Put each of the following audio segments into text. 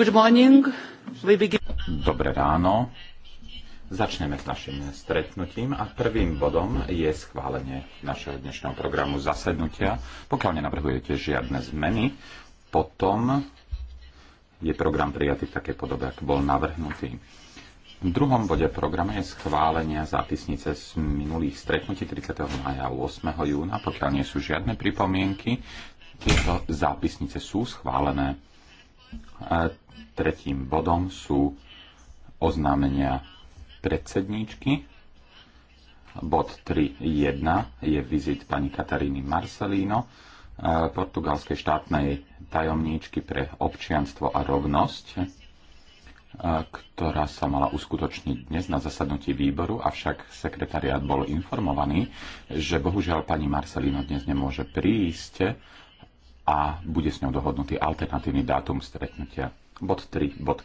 Dobré ráno. Začneme s našim stretnutím a prvým bodom je schválenie našeho dnešného programu zasednutia. Pokiaľ nenavrhujete žiadne zmeny, potom je program prijatý v takej podobe, ako bol navrhnutý. V druhom bode programu je schválenie zápisnice z minulých stretnutí 30. maja a 8. júna. Pokiaľ nie sú žiadne pripomienky, tieto zápisnice sú schválené. A tretím bodom sú oznámenia predsedníčky. Bod 3.1 je vizit pani Kataríny Marcelino, e, portugalskej štátnej tajomníčky pre občianstvo a rovnosť, e, ktorá sa mala uskutočniť dnes na zasadnutí výboru, avšak sekretariát bol informovaný, že bohužiaľ pani Marcelino dnes nemôže prísť, a bude s ňou dohodnutý alternatívny dátum stretnutia. Bod 3.2 e,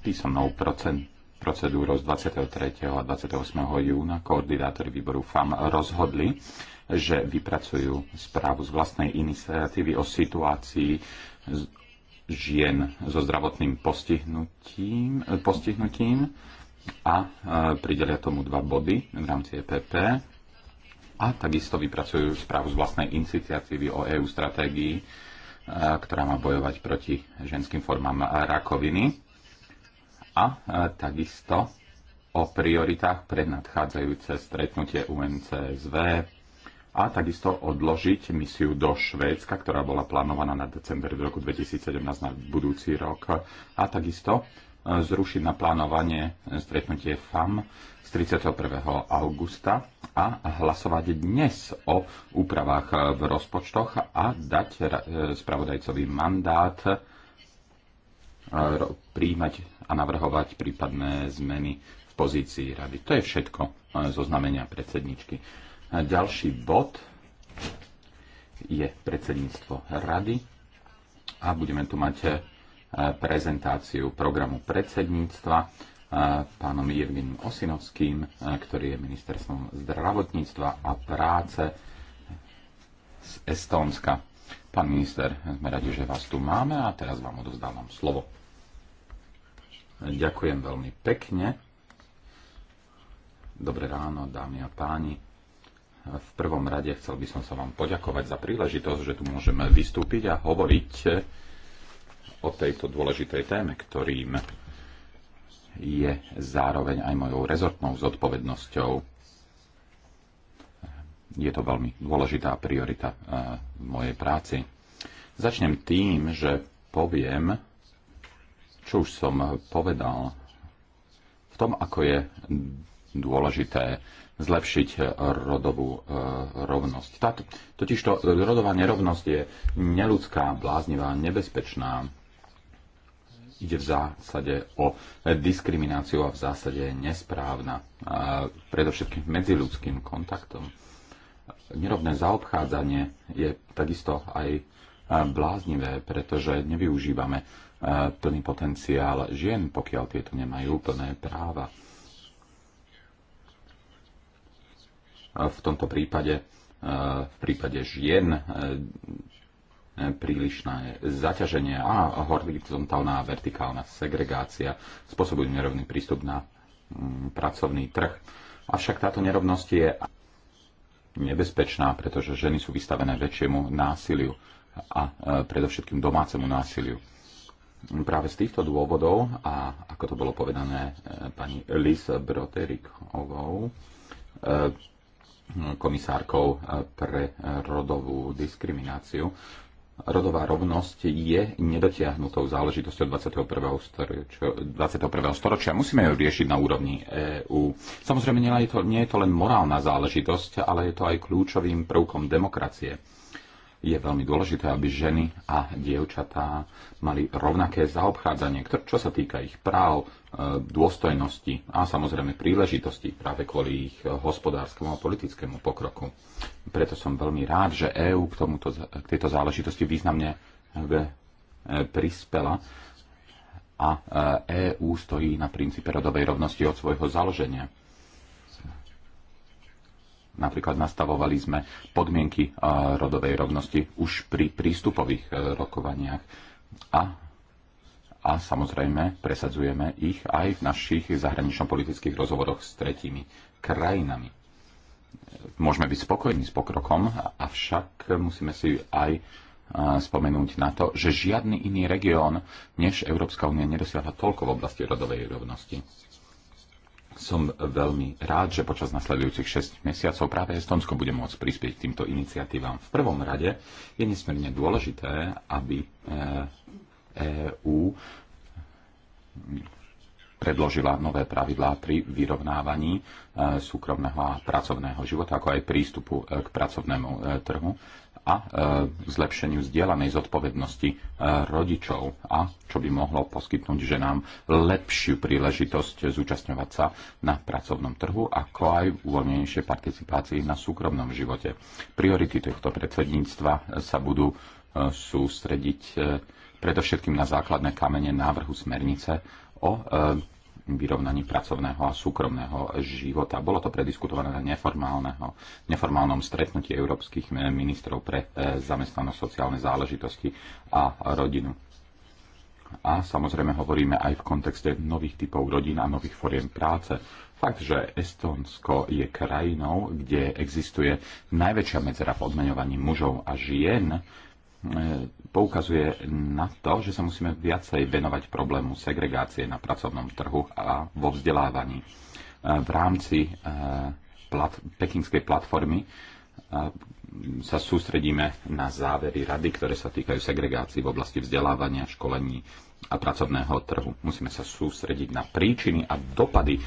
písomnou procent, procedúrou z 23. a 28. júna koordinátori výboru FAM rozhodli, že vypracujú správu z vlastnej iniciatívy o situácii žien so zdravotným postihnutím, postihnutím a e, pridelia tomu dva body v rámci EPP a takisto vypracujú správu z vlastnej iniciatívy o EU stratégii, ktorá má bojovať proti ženským formám rakoviny a takisto o prioritách pre nadchádzajúce stretnutie UNCSV a takisto odložiť misiu do Švédska, ktorá bola plánovaná na december v roku 2017 na budúci rok a takisto zrušiť na plánovanie stretnutie FAM z 31. augusta a hlasovať dnes o úpravách v rozpočtoch a dať e, spravodajcový mandát e, príjmať a navrhovať prípadné zmeny v pozícii rady. To je všetko e, zo znamenia predsedničky. Ďalší bod je predsedníctvo rady a budeme tu mať prezentáciu programu predsedníctva pánom Jirvinom Osinovským, ktorý je ministerstvom zdravotníctva a práce z Estónska. Pán minister, sme radi, že vás tu máme a teraz vám odovzdávam slovo. Ďakujem veľmi pekne. Dobré ráno, dámy a páni. V prvom rade chcel by som sa vám poďakovať za príležitosť, že tu môžeme vystúpiť a hovoriť o tejto dôležitej téme, ktorým je zároveň aj mojou rezortnou zodpovednosťou. Je to veľmi dôležitá priorita v eh, mojej práci. Začnem tým, že poviem, čo už som povedal, v tom, ako je dôležité zlepšiť rodovú eh, rovnosť. totižto eh, rodová nerovnosť je neludská, bláznivá, nebezpečná ide v zásade o diskrimináciu a v zásade je nesprávna, predovšetkým medziludským kontaktom. Nerovné zaobchádzanie je takisto aj bláznivé, pretože nevyužívame plný potenciál žien, pokiaľ tieto nemajú plné práva. V tomto prípade, v prípade žien prílišné zaťaženie a horizontálna a vertikálna segregácia spôsobujú nerovný prístup na mm, pracovný trh. Avšak táto nerovnosť je nebezpečná, pretože ženy sú vystavené väčšiemu násiliu a e, predovšetkým domácemu násiliu. Práve z týchto dôvodov, a ako to bolo povedané e, pani Liz Broterikovou, e, komisárkou pre rodovú diskrimináciu, rodová rovnosť je nedotiahnutou záležitosťou 21. storočia. 21. storočia. Musíme ju riešiť na úrovni EÚ. Samozrejme, nie je, to, nie je to len morálna záležitosť, ale je to aj kľúčovým prvkom demokracie. Je veľmi dôležité, aby ženy a dievčatá mali rovnaké zaobchádzanie, čo sa týka ich práv, E, dôstojnosti a samozrejme príležitosti práve kvôli ich hospodárskemu a politickému pokroku. Preto som veľmi rád, že EÚ k, tomuto, k tejto záležitosti významne e, e, prispela a EÚ stojí na princípe rodovej rovnosti od svojho založenia. Napríklad nastavovali sme podmienky rodovej rovnosti už pri prístupových rokovaniach a a samozrejme presadzujeme ich aj v našich zahranično-politických rozhovoroch s tretími krajinami. Môžeme byť spokojní s pokrokom, avšak musíme si aj spomenúť na to, že žiadny iný región než Európska únia nedosiahla toľko v oblasti rodovej rovnosti. Som veľmi rád, že počas nasledujúcich 6 mesiacov práve Estonsko bude môcť prispieť týmto iniciatívam. V prvom rade je nesmierne dôležité, aby e, EÚ predložila nové pravidlá pri vyrovnávaní e, súkromného a pracovného života, ako aj prístupu e, k pracovnému e, trhu a zlepšeniu zdieľanej zodpovednosti rodičov a čo by mohlo poskytnúť ženám lepšiu príležitosť zúčastňovať sa na pracovnom trhu, ako aj uvoľnenejšie participácii na súkromnom živote. Priority tohto predsedníctva sa budú sústrediť predovšetkým na základné kamene návrhu smernice o e, vyrovnaní pracovného a súkromného života. Bolo to prediskutované na neformálnom stretnutí európskych e, ministrov pre e, zamestnanosť, sociálne záležitosti a rodinu. A samozrejme hovoríme aj v kontexte nových typov rodín a nových foriem práce. Fakt, že Estónsko je krajinou, kde existuje najväčšia medzera v odmeňovaní mužov a žien, E, poukazuje na to, že sa musíme viacej venovať problému segregácie na pracovnom trhu a vo vzdelávaní. E, v rámci e, plat, pekinskej platformy sa sústredíme na závery rady, ktoré sa týkajú segregácií v oblasti vzdelávania, školení a pracovného trhu. Musíme sa sústrediť na príčiny a dopady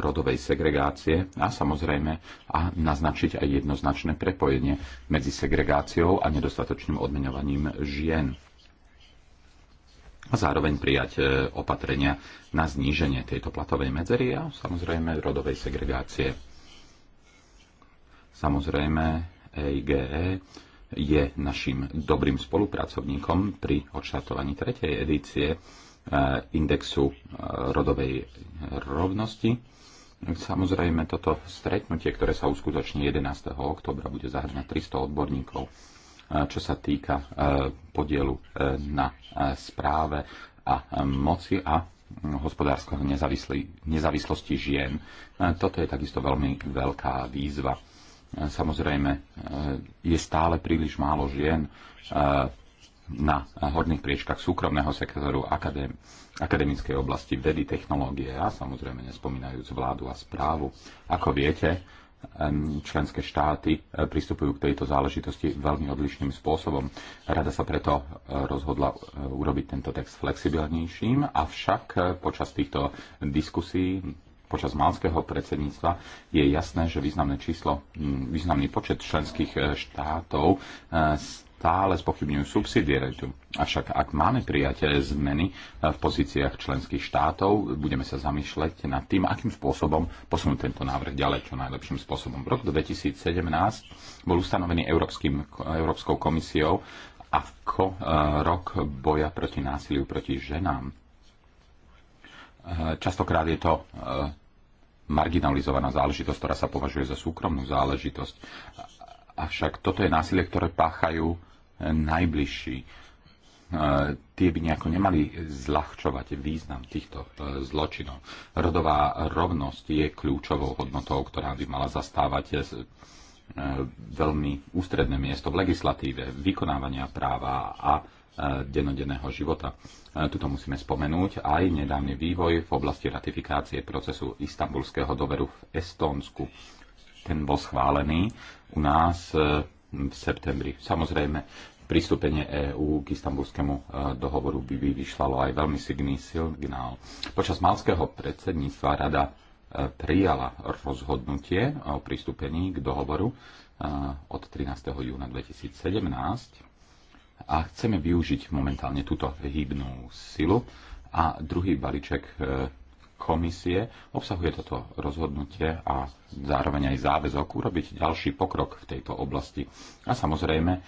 rodovej segregácie a samozrejme a naznačiť aj jednoznačné prepojenie medzi segregáciou a nedostatočným odmenovaním žien a zároveň prijať e, opatrenia na zníženie tejto platovej medzery a samozrejme rodovej segregácie. Samozrejme, EIGE e je našim dobrým spolupracovníkom pri odštartovaní tretej edície e, indexu rodovej rovnosti Samozrejme, toto stretnutie, ktoré sa uskutoční 11. oktobra, bude zahrňať 300 odborníkov, eh, čo sa týka eh, podielu eh, na správe a moci a hm, hospodárskej nezávislosti žien. Toto je takisto veľmi veľká výzva. Samozrejme, je stále príliš málo žien na horných priečkach súkromného sektoru, akadém, akademickej oblasti vedy, technológie a samozrejme nespomínajúc vládu a správu. Ako viete, členské štáty eh, pristupujú k tejto záležitosti veľmi odlišným spôsobom. Rada sa preto eh, rozhodla eh, urobiť tento text flexibilnejším, avšak počas týchto diskusí počas malského predsedníctva je jasné, že významné číslo, významný počet členských štátov stále spochybňujú subsidiaritu. Avšak ak máme prijaté zmeny eh, v pozíciách členských štátov, budeme sa zamýšľať nad tým, akým spôsobom posunúť tento návrh ďalej čo najlepším spôsobom. V roku 2017 bol ustanovený Európskym, Európskou komisiou ako eh, rok boja proti násiliu proti ženám. Eh, častokrát je to marginalizovaná záležitosť, ktorá sa považuje za súkromnú záležitosť Avšak toto je násilie, ktoré páchajú eh, najbližší. Eh, tie by nejako nemali zľahčovať význam týchto eh, zločinov. Rodová rovnosť je kľúčovou hodnotou, ktorá by mala zastávať veľmi ústredné miesto v legislatíve, vykonávania práva a denodenného života. Tuto musíme spomenúť aj nedávny vývoj v oblasti ratifikácie procesu istambulského doveru v Estónsku ten bol schválený u nás e, v septembri. Samozrejme, pristúpenie EÚ k istambulskému e, dohovoru by vyšlalo aj veľmi signý signál. Počas malského predsedníctva rada e, prijala rozhodnutie o pristúpení k dohovoru od 13. júna 2017 a chceme využiť momentálne túto hybnú silu a druhý balíček komisie obsahuje toto rozhodnutie a zároveň aj záväzok urobiť ďalší pokrok v tejto oblasti. A samozrejme e,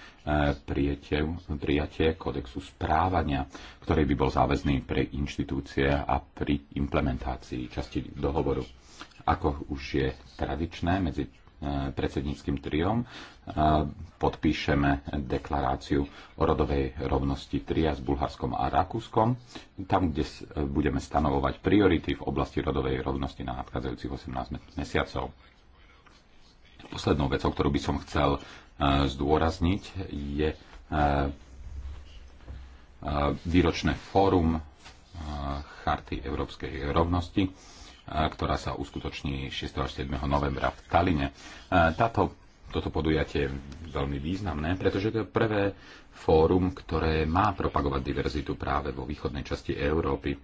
prijatie, prijatie kodexu správania, ktorý by bol záväzný pre inštitúcie a pri implementácii časti dohovoru. Ako už je tradičné medzi Eh, predsedníckým triom eh, podpíšeme deklaráciu o rodovej rovnosti tria s Bulharskom a Rakúskom, tam, kde eh, budeme stanovovať priority v oblasti rodovej rovnosti na nadchádzajúcich 18 mesiacov. Poslednou vecou, ktorú by som chcel zdôrazniť, je výročné fórum Charty Európskej rovnosti, ktorá sa uskutoční 6. až 7. novembra v Taline. Táto, toto podujatie je veľmi významné, pretože to je prvé fórum, ktoré má propagovať diverzitu práve vo východnej časti Európy.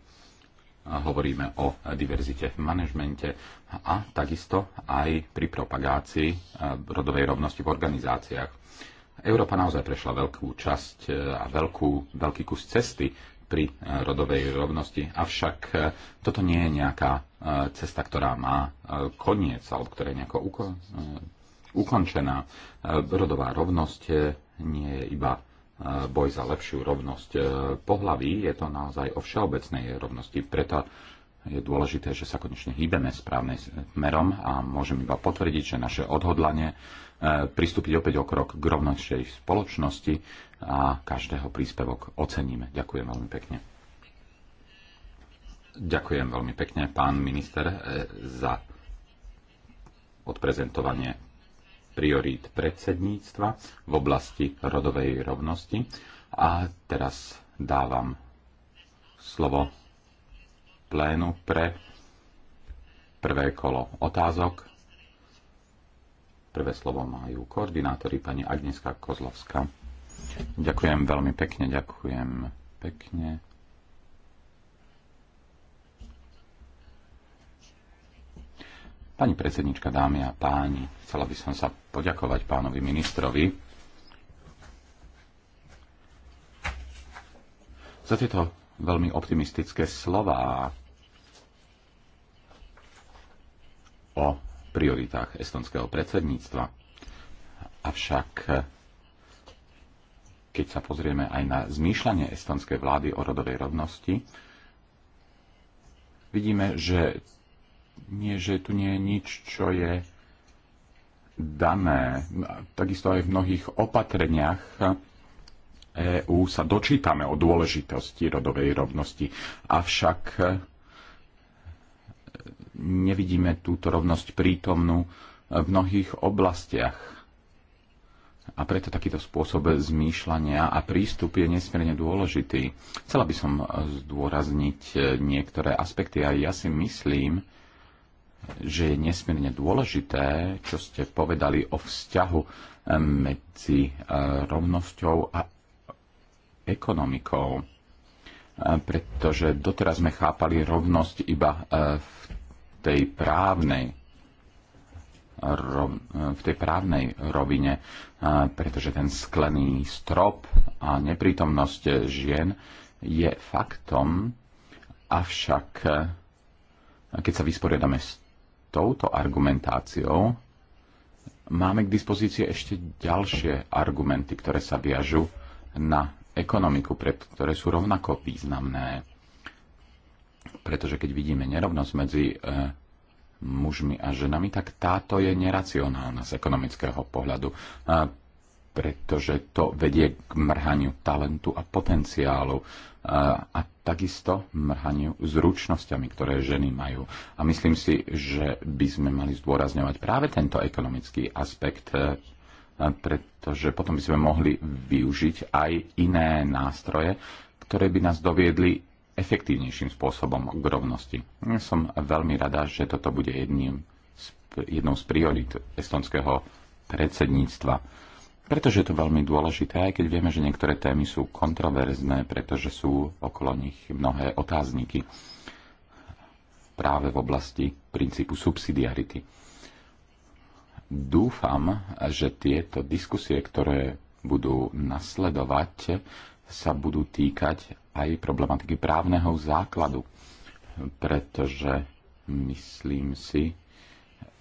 Hovoríme o diverzite v manažmente a takisto aj pri propagácii e, rodovej rovnosti v organizáciách. Európa naozaj prešla veľkú časť e, a veľkú, veľký kus cesty pri e, rodovej rovnosti. Avšak toto nie je nejaká cesta, ktorá má e, koniec, alebo ktorá je nejako e, ukončená. E, rodová rovnosť nie je iba boj za lepšiu rovnosť pohlaví, je to naozaj o všeobecnej rovnosti. Preto je dôležité, že sa konečne hýbeme správnym smerom a môžem iba potvrdiť, že naše odhodlanie pristúpiť opäť o krok k rovnejšej spoločnosti a každého príspevok oceníme. Ďakujem veľmi pekne. Ďakujem veľmi pekne, pán minister, e, za odprezentovanie priorít predsedníctva v oblasti rodovej rovnosti. A teraz dávam slovo plénu pre prvé kolo otázok. Prvé slovo majú koordinátori pani Agneska Kozlovská. Ďakujem veľmi pekne, ďakujem pekne. Pani predsednička, dámy a páni, chcela by som sa poďakovať pánovi ministrovi za tieto veľmi optimistické slová o prioritách estonského predsedníctva. Avšak keď sa pozrieme aj na zmýšľanie estonskej vlády o rodovej rovnosti, vidíme, že nie, že tu nie je nič, čo je dané. Takisto aj v mnohých opatreniach EÚ sa dočítame o dôležitosti rodovej rovnosti, avšak e, nevidíme túto rovnosť prítomnú v mnohých oblastiach. A preto takýto spôsob zmýšľania a prístup je nesmierne dôležitý. Chcela by som zdôrazniť e, niektoré aspekty a ja si myslím, že je nesmierne dôležité, čo ste povedali o vzťahu eh, medzi eh, rovnosťou a ekonomikou. Eh, pretože doteraz sme chápali rovnosť iba v tej právnej v tej právnej rovine, pretože ten sklený strop a neprítomnosť žien je faktom, avšak keď sa vysporiadame s touto argumentáciou máme k dispozícii ešte ďalšie argumenty, ktoré sa viažu na ekonomiku, ktoré sú rovnako významné. Pretože keď vidíme nerovnosť medzi eh, mužmi a ženami, tak táto je neracionálna z ekonomického pohľadu, eh, pretože to vedie k mrhaniu talentu a potenciálu eh, a takisto mrhaniu zručnosťami, ktoré ženy majú. A myslím si, že by sme mali zdôrazňovať práve tento ekonomický aspekt, e, pretože potom by sme mohli využiť aj iné nástroje, ktoré by nás doviedli efektívnejším spôsobom k rovnosti. Som veľmi rada, že toto bude jedným, jednou z priorit estonského predsedníctva pretože je to veľmi dôležité, aj keď vieme, že niektoré témy sú kontroverzné, pretože sú okolo nich mnohé otázniky práve v oblasti princípu subsidiarity. Dúfam, že tieto diskusie, ktoré budú nasledovať, sa budú týkať aj problematiky právneho základu, pretože myslím si,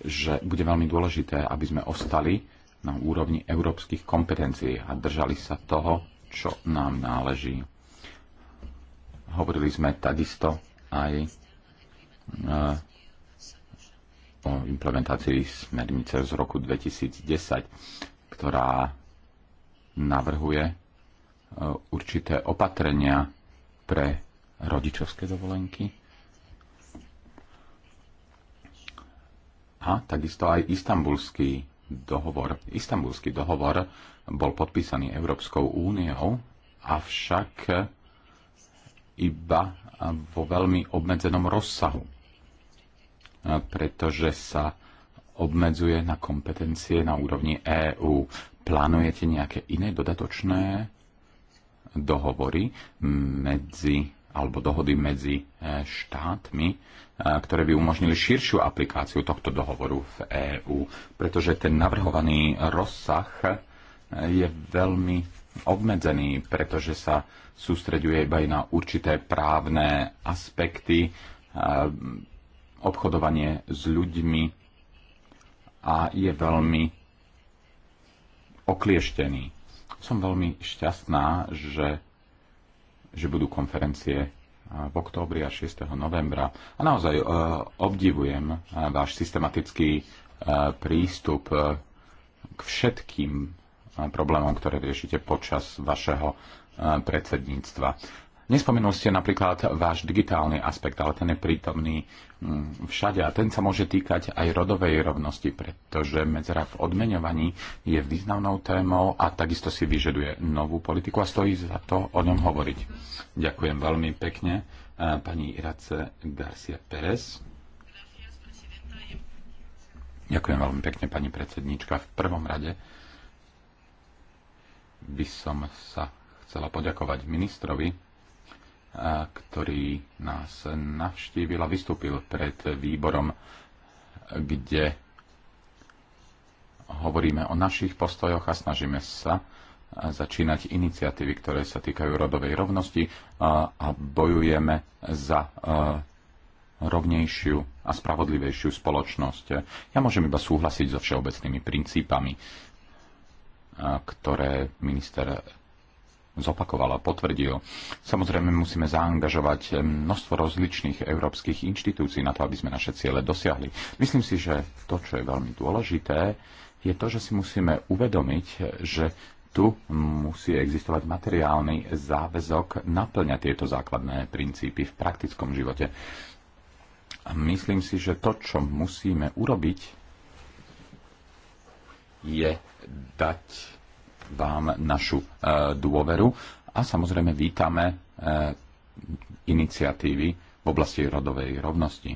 že bude veľmi dôležité, aby sme ostali na úrovni európskych kompetencií a držali sa toho, čo nám náleží. Hovorili sme takisto aj eh, o implementácii smernice z roku 2010, ktorá navrhuje eh, určité opatrenia pre rodičovské dovolenky a takisto aj istambulský dohovor, istambulský dohovor bol podpísaný Európskou úniou, avšak iba vo veľmi obmedzenom rozsahu, pretože sa obmedzuje na kompetencie na úrovni EÚ. Plánujete nejaké iné dodatočné dohovory medzi alebo dohody medzi e, štátmi, e, ktoré by umožnili širšiu aplikáciu tohto dohovoru v EÚ, pretože ten navrhovaný rozsah e, je veľmi obmedzený, pretože sa sústreďuje iba na určité právne aspekty, obchodovanie s ľuďmi a je veľmi oklieštený. Som veľmi šťastná, že že budú konferencie eh, v októbri a 6. novembra. A naozaj eh, obdivujem eh, váš systematický prístup k všetkým problémom, ktoré riešite počas vašeho predsedníctva. Nespomenul ste napríklad váš digitálny aspekt, ale ten je prítomný mm, všade a ten sa môže týkať aj rodovej rovnosti, pretože medzera v odmeňovaní je významnou témou a takisto si vyžaduje novú politiku a stojí za to o ňom hovoriť. Ďakujem veľmi pekne e, pani Irace Garcia Pérez. Ďakujem veľmi pekne, pani predsednička. V prvom rade by som sa chcela poďakovať ministrovi ktorý nás navštívil a vystúpil pred výborom, kde hovoríme o našich postojoch a snažíme sa začínať iniciatívy, ktoré sa týkajú rodovej rovnosti a bojujeme za rovnejšiu a spravodlivejšiu spoločnosť. Ja môžem iba súhlasiť so všeobecnými princípami, ktoré minister zopakoval a potvrdil. Samozrejme musíme zaangažovať množstvo rozličných európskych inštitúcií na to, aby sme naše ciele dosiahli. Myslím si, že to, čo je veľmi dôležité, je to, že si musíme uvedomiť, že tu musí existovať materiálny záväzok naplňať tieto základné princípy v praktickom živote. A myslím si, že to, čo musíme urobiť, je dať vám našu e, dôveru a samozrejme vítame e, iniciatívy v oblasti rodovej rovnosti.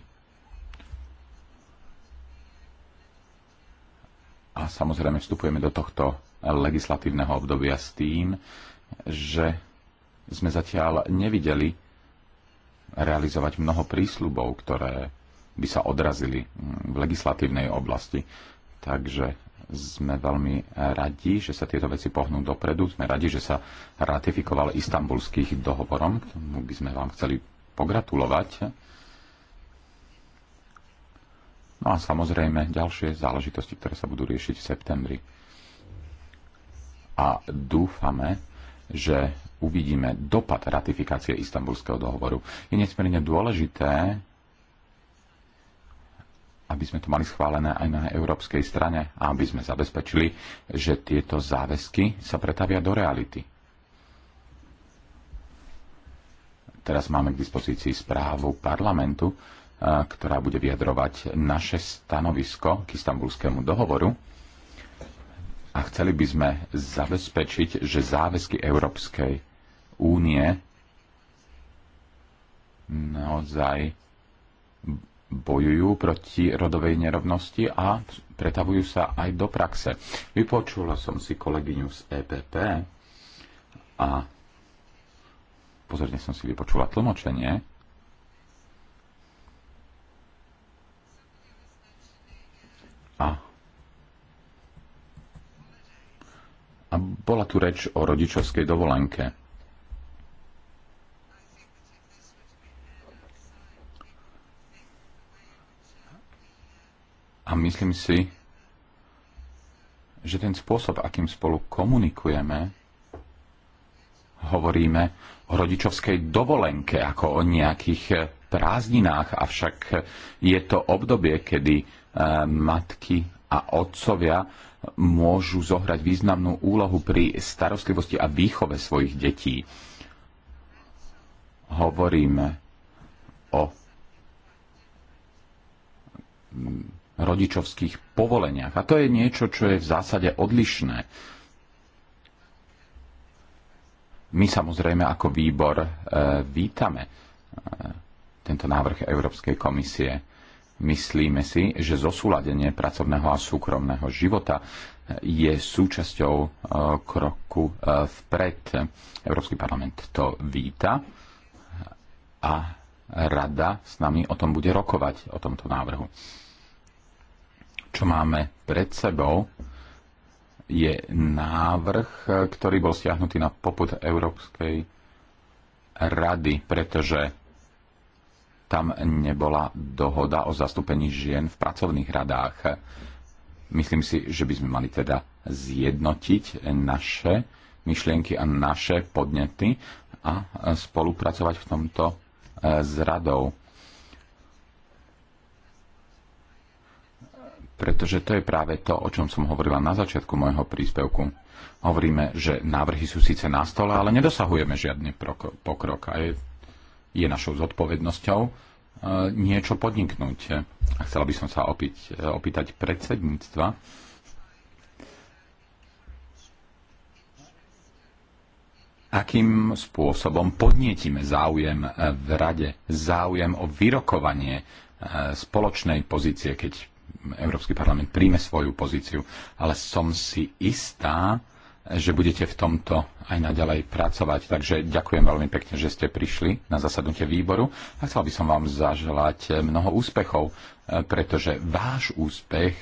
A samozrejme vstupujeme do tohto legislatívneho obdobia s tým, že sme zatiaľ nevideli realizovať mnoho prísľubov, ktoré by sa odrazili mm, v legislatívnej oblasti. Takže sme veľmi radi, že sa tieto veci pohnú dopredu. Sme radi, že sa ratifikoval istambulských dohovorom. K tomu by sme vám chceli pogratulovať. No a samozrejme ďalšie záležitosti, ktoré sa budú riešiť v septembri. A dúfame, že uvidíme dopad ratifikácie istambulského dohovoru. Je nesmierne dôležité, aby sme to mali schválené aj na európskej strane a aby sme zabezpečili, že tieto záväzky sa pretavia do reality. Teraz máme k dispozícii správu parlamentu, ktorá bude vyjadrovať naše stanovisko k istambulskému dohovoru a chceli by sme zabezpečiť, že záväzky Európskej únie naozaj bojujú proti rodovej nerovnosti a pretavujú sa aj do praxe. Vypočula som si kolegyňu z EPP a pozorne som si vypočula tlmočenie. A, a bola tu reč o rodičovskej dovolenke. A myslím si, že ten spôsob, akým spolu komunikujeme, hovoríme o rodičovskej dovolenke, ako o nejakých eh, prázdninách, avšak eh, je to obdobie, kedy eh, matky a otcovia môžu zohrať významnú úlohu pri starostlivosti a výchove svojich detí. Hovoríme o mm, rodičovských povoleniach. A to je niečo, čo je v zásade odlišné. My samozrejme ako výbor e, vítame e, tento návrh Európskej komisie. Myslíme si, že zosúladenie pracovného a súkromného života e, je súčasťou e, kroku e, vpred. Európsky parlament to víta a rada s nami o tom bude rokovať, o tomto návrhu čo máme pred sebou, je návrh, ktorý bol stiahnutý na poput Európskej rady, pretože tam nebola dohoda o zastúpení žien v pracovných radách. Myslím si, že by sme mali teda zjednotiť naše myšlienky a naše podnety a spolupracovať v tomto eh, s radou. pretože to je práve to, o čom som hovorila na začiatku môjho príspevku. Hovoríme, že návrhy sú síce na stole, ale nedosahujeme žiadny pokrok a je, je našou zodpovednosťou e, niečo podniknúť. A chcela by som sa opiť, e, opýtať predsedníctva, akým spôsobom podnietime záujem e, v rade, záujem o vyrokovanie spoločnej pozície, keď Európsky parlament príjme svoju pozíciu, ale som si istá, že budete v tomto aj naďalej pracovať. Takže ďakujem veľmi pekne, že ste prišli na zasadnutie výboru a chcel by som vám zaželať mnoho úspechov, e, pretože váš úspech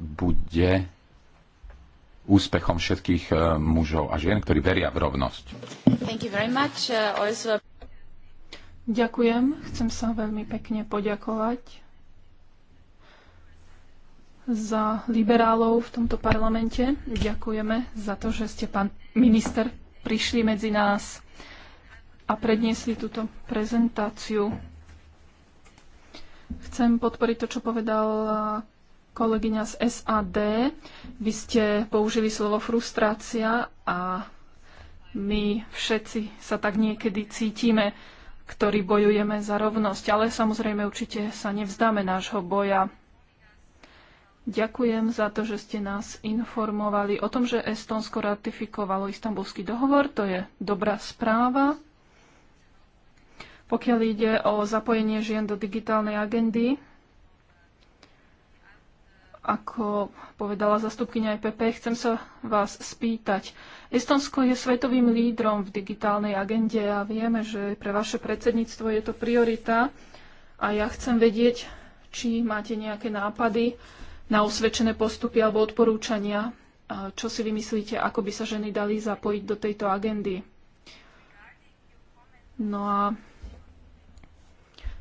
bude úspechom všetkých e, mužov a žien, ktorí veria v rovnosť. E, also... Ďakujem. Chcem sa veľmi pekne poďakovať za liberálov v tomto parlamente. Ďakujeme za to, že ste, pán minister, prišli medzi nás a predniesli túto prezentáciu. Chcem podporiť to, čo povedal kolegyňa z SAD. Vy ste použili slovo frustrácia a my všetci sa tak niekedy cítime, ktorí bojujeme za rovnosť, ale samozrejme určite sa nevzdáme nášho boja Ďakujem za to, že ste nás informovali o tom, že Estonsko ratifikovalo istambulský dohovor. To je dobrá správa. Pokiaľ ide o zapojenie žien do digitálnej agendy, ako povedala zastupkynia EPP, chcem sa vás spýtať. Estonsko je svetovým lídrom v digitálnej agende a vieme, že pre vaše predsedníctvo je to priorita. A ja chcem vedieť, či máte nejaké nápady, na osvedčené postupy alebo odporúčania. Čo si vymyslíte, ako by sa ženy dali zapojiť do tejto agendy? No a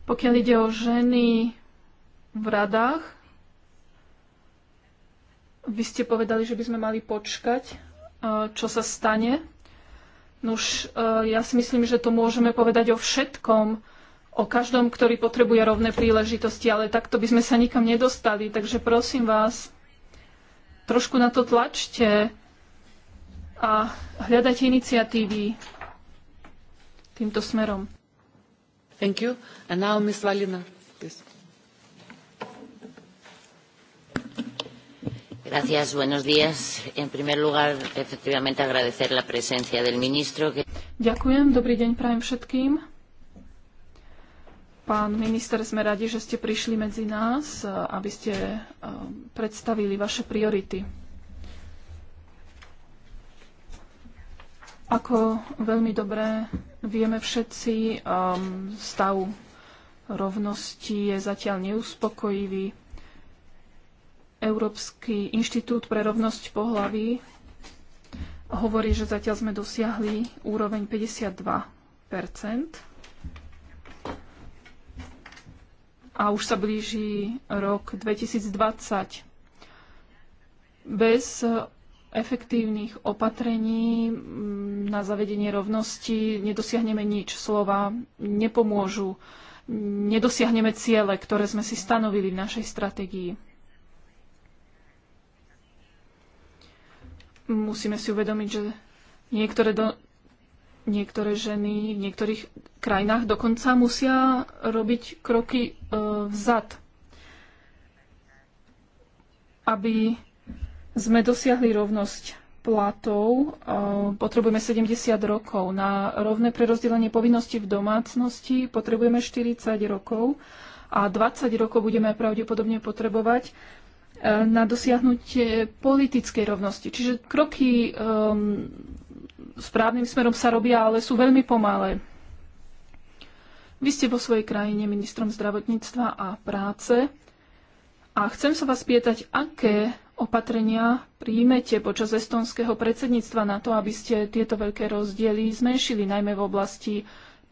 pokiaľ ide o ženy v radách, vy ste povedali, že by sme mali počkať, čo sa stane. už e, ja si myslím, že to môžeme povedať o všetkom, o každom, ktorý potrebuje rovné príležitosti, ale takto by sme sa nikam nedostali. Takže prosím vás, trošku na to tlačte a hľadajte iniciatívy týmto smerom. Thank you. And now Ms. Valina. Yes. Gracias, buenos días. En primer lugar, efectivamente agradecer la presencia del ministro. Que... Ďakujem, dobrý deň prajem všetkým. Pán minister, sme radi, že ste prišli medzi nás, eh, aby ste eh, predstavili vaše priority. Ako veľmi dobre vieme všetci, ehm, stav rovnosti je zatiaľ neuspokojivý. Európsky inštitút pre rovnosť pohlaví hovorí, že zatiaľ sme dosiahli úroveň 52 a už sa blíži rok 2020. Bez efektívnych opatrení mm, na zavedenie rovnosti nedosiahneme nič. Slova nepomôžu. Nedosiahneme ciele, ktoré sme si stanovili v našej stratégii. Musíme si uvedomiť, že niektoré do, Niektoré ženy v niektorých krajinách dokonca musia robiť kroky e, vzad, aby sme dosiahli rovnosť platov e, potrebujeme 70 rokov. Na rovné prerozdelenie povinností v domácnosti potrebujeme 40 rokov a 20 rokov budeme pravdepodobne potrebovať e, na dosiahnutie politickej rovnosti. Čiže kroky správnym smerom sa robia, ale sú veľmi pomalé. Vy ste vo svojej krajine ministrom zdravotníctva a práce a chcem sa vás pýtať, aké opatrenia príjmete počas estonského predsedníctva na to, aby ste tieto veľké rozdiely zmenšili, najmä v oblasti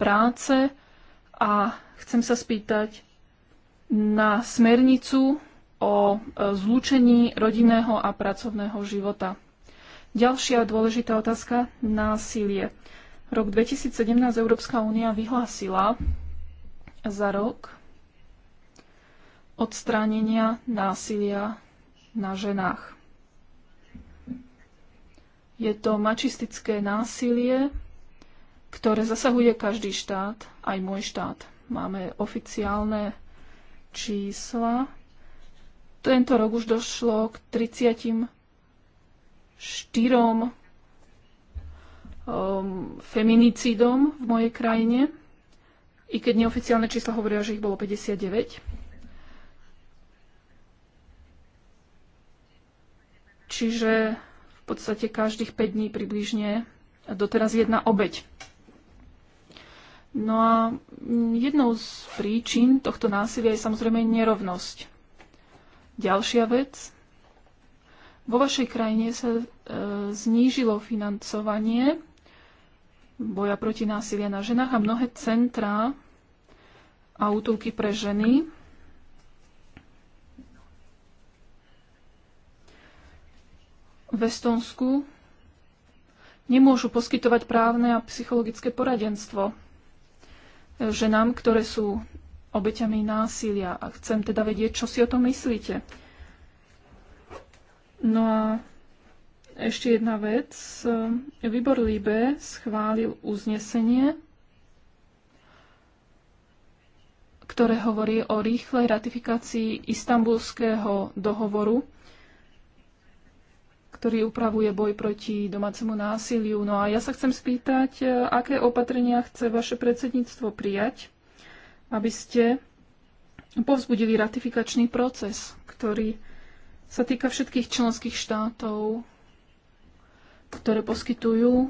práce. A chcem sa spýtať na smernicu o e, zlúčení rodinného a pracovného života. Ďalšia dôležitá otázka násilie. Rok 2017 Európska únia vyhlásila za rok odstránenia násilia na ženách. Je to mačistické násilie, ktoré zasahuje každý štát, aj môj štát. Máme oficiálne čísla. Tento rok už došlo k 30 štyrom um, feminicídom v mojej krajine, i keď neoficiálne čísla hovoria, že ich bolo 59. Čiže v podstate každých 5 dní približne doteraz jedna obeď. No a mm, jednou z príčin tohto násilia je samozrejme nerovnosť. Ďalšia vec, vo vašej krajine sa e, znížilo financovanie boja proti násilia na ženách a mnohé centrá a útulky pre ženy v Estonsku nemôžu poskytovať právne a psychologické poradenstvo ženám, ktoré sú obeťami násilia. A chcem teda vedieť, čo si o tom myslíte. No a ešte jedna vec. Výbor Libe schválil uznesenie, ktoré hovorí o rýchlej ratifikácii istambulského dohovoru, ktorý upravuje boj proti domácemu násiliu. No a ja sa chcem spýtať, aké opatrenia chce vaše predsedníctvo prijať, aby ste povzbudili ratifikačný proces, ktorý sa týka všetkých členských štátov, ktoré poskytujú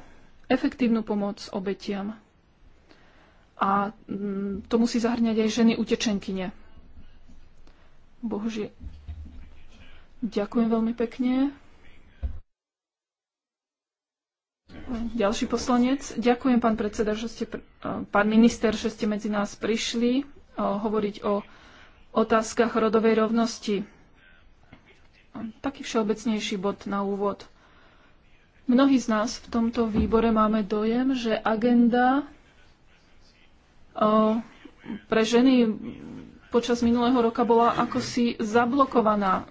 efektívnu pomoc obetiam. A mm, to musí zahrňať aj ženy utečenkyne. Bohužiaľ. Ďakujem veľmi pekne. Ďalší poslanec. Ďakujem, pán predseda, že ste, pán minister, že ste medzi nás prišli hovoriť o otázkach rodovej rovnosti taký všeobecnejší bod na úvod. Mnohí z nás v tomto výbore máme dojem, že agenda pre ženy počas minulého roka bola akosi zablokovaná.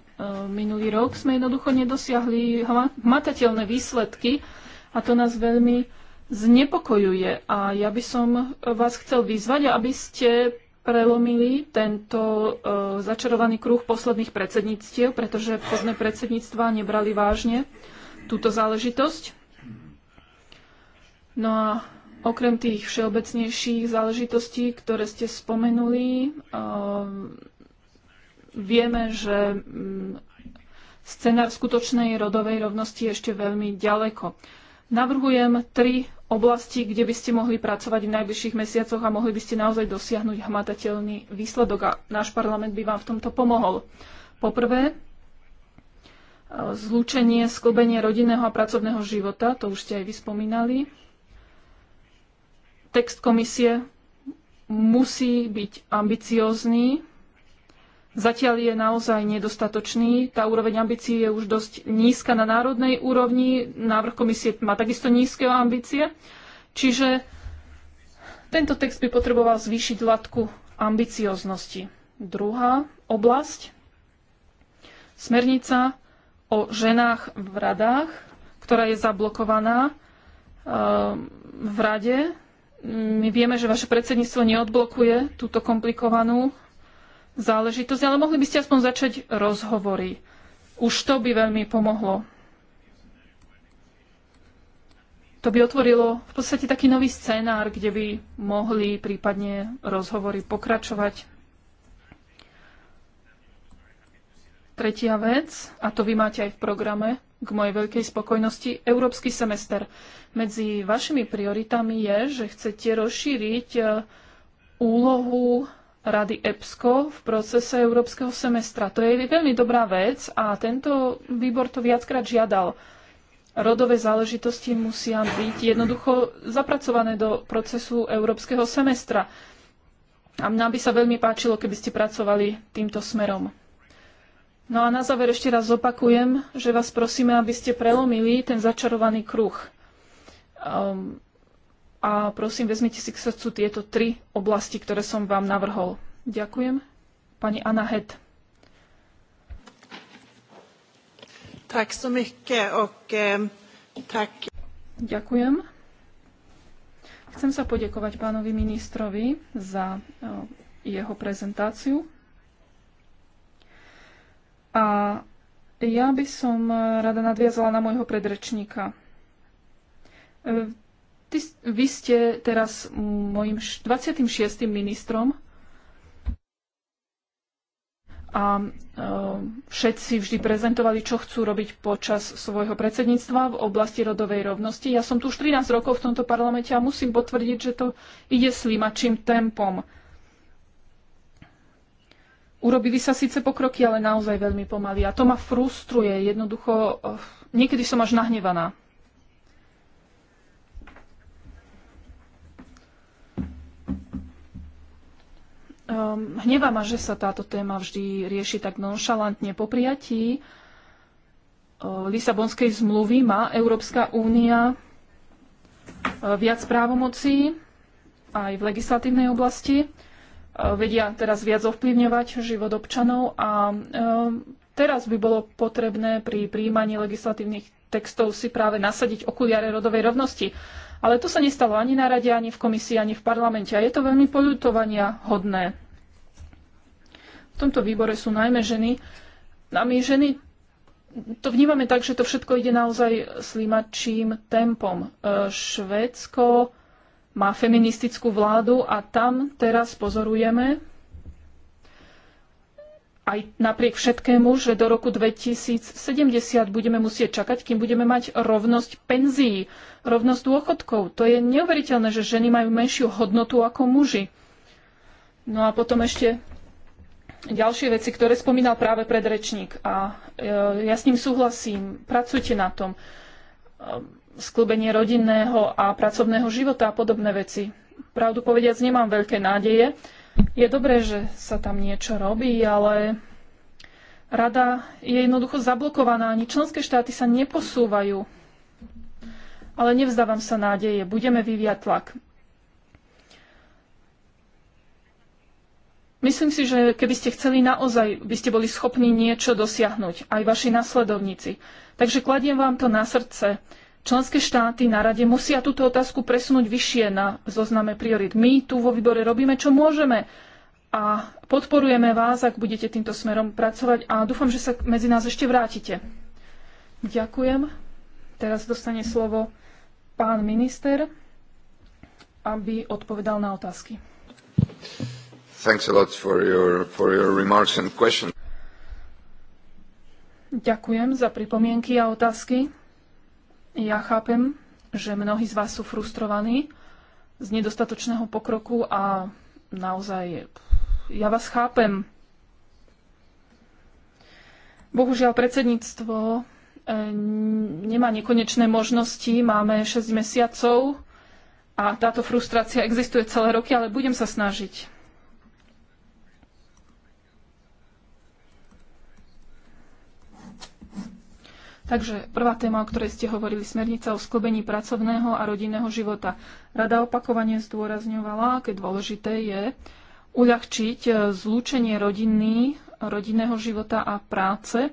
Minulý rok sme jednoducho nedosiahli hmatateľné výsledky a to nás veľmi znepokojuje. A ja by som vás chcel vyzvať, aby ste prelomili tento e, začarovaný kruh posledných predsedníctiev, pretože posledné predsedníctva nebrali vážne túto záležitosť. No a okrem tých všeobecnejších záležitostí, ktoré ste spomenuli, e, vieme, že m, mm, scenár skutočnej rodovej rovnosti je ešte veľmi ďaleko. Navrhujem tri oblasti, kde by ste mohli pracovať v najbližších mesiacoch a mohli by ste naozaj dosiahnuť hmatateľný výsledok a náš parlament by vám v tomto pomohol. Poprvé, e, zlúčenie, sklbenie rodinného a pracovného života, to už ste aj vyspomínali. Text komisie musí byť ambiciózny, zatiaľ je naozaj nedostatočný. Tá úroveň ambícií je už dosť nízka na národnej úrovni. Návrh komisie má takisto nízke ambície. Čiže tento text by potreboval zvýšiť latku ambicioznosti. Druhá oblasť. Smernica o ženách v radách, ktorá je zablokovaná eh, v rade. My vieme, že vaše predsedníctvo neodblokuje túto komplikovanú záležitosť, ale mohli by ste aspoň začať rozhovory. Už to by veľmi pomohlo. To by otvorilo v podstate taký nový scenár, kde by mohli prípadne rozhovory pokračovať. Tretia vec, a to vy máte aj v programe, k mojej veľkej spokojnosti, európsky semester. Medzi vašimi prioritami je, že chcete rozšíriť eh, úlohu Rady EPSCO v procese európskeho semestra. To je veľmi dobrá vec a tento výbor to viackrát žiadal. Rodové záležitosti musia byť jednoducho zapracované do procesu európskeho semestra. A mňa by sa veľmi páčilo, keby ste pracovali týmto smerom. No a na záver ešte raz opakujem, že vás prosíme, aby ste prelomili ten začarovaný kruh. Um, a prosím, vezmite si k srdcu tieto tri oblasti, ktoré som vám navrhol. Ďakujem. Pani Anna Het. Tak so mycket ok, tak. Ďakujem. Chcem sa podiekovať pánovi ministrovi za jeho prezentáciu. A ja by som eh, rada nadviazala na môjho predrečníka. E, Ty, vy ste teraz mojim 26. ministrom a e, všetci vždy prezentovali, čo chcú robiť počas svojho predsedníctva v oblasti rodovej rovnosti. Ja som tu už 13 rokov v tomto parlamente a musím potvrdiť, že to ide slimačím tempom. Urobili sa síce pokroky, ale naozaj veľmi pomaly. A to ma frustruje. Jednoducho, e, niekedy som až nahnevaná. Um, hnevá ma, že sa táto téma vždy rieši tak nonšalantne. Po prijatí uh, Lisabonskej zmluvy má Európska únia uh, viac právomocí aj v legislatívnej oblasti. Uh, vedia teraz viac ovplyvňovať život občanov a teraz by bolo potrebné pri príjmaní legislatívnych textov si práve nasadiť okuliare rodovej rovnosti. Ale to sa nestalo ani na rade, ani v komisii, ani v parlamente. A je to veľmi poľutovania hodné. V tomto výbore sú najmä ženy. No a my ženy to vnímame tak, že to všetko ide naozaj slimačím tempom. E, Švédsko má feministickú vládu a tam teraz pozorujeme aj napriek všetkému, že do roku 2070 budeme musieť čakať, kým budeme mať rovnosť penzií, rovnosť dôchodkov. To je neuveriteľné, že ženy majú menšiu hodnotu ako muži. No a potom ešte ďalšie veci, ktoré spomínal práve predrečník. A e, ja s ním súhlasím. Pracujte na tom. E, sklubenie rodinného a pracovného života a podobné veci. Pravdu povediac, nemám veľké nádeje je dobré, že sa tam niečo robí, ale rada je jednoducho zablokovaná. Ani členské štáty sa neposúvajú. Ale nevzdávam sa nádeje. Budeme vyviať tlak. Myslím si, že keby ste chceli naozaj, by ste boli schopní niečo dosiahnuť, aj vaši nasledovníci. Takže kladiem vám to na srdce. Členské štáty na rade musia túto otázku presunúť vyššie na zozname priorit. My tu vo výbore robíme, čo môžeme a podporujeme vás, ak budete týmto smerom pracovať a dúfam, že sa medzi nás ešte vrátite. Ďakujem. Teraz dostane slovo pán minister, aby odpovedal na otázky. Thanks a lot for your, for your remarks and questions. Ďakujem za pripomienky a otázky. Ja chápem, že mnohí z vás sú frustrovaní z nedostatočného pokroku a naozaj ja vás chápem. Bohužiaľ predsedníctvo eh, nemá nekonečné možnosti, máme 6 mesiacov a táto frustrácia existuje celé roky, ale budem sa snažiť. Takže prvá téma, o ktorej ste hovorili, smernica o sklobení pracovného a rodinného života. Rada opakovane zdôrazňovala, aké dôležité je uľahčiť e, zlúčenie rodiny, rodinného života a práce.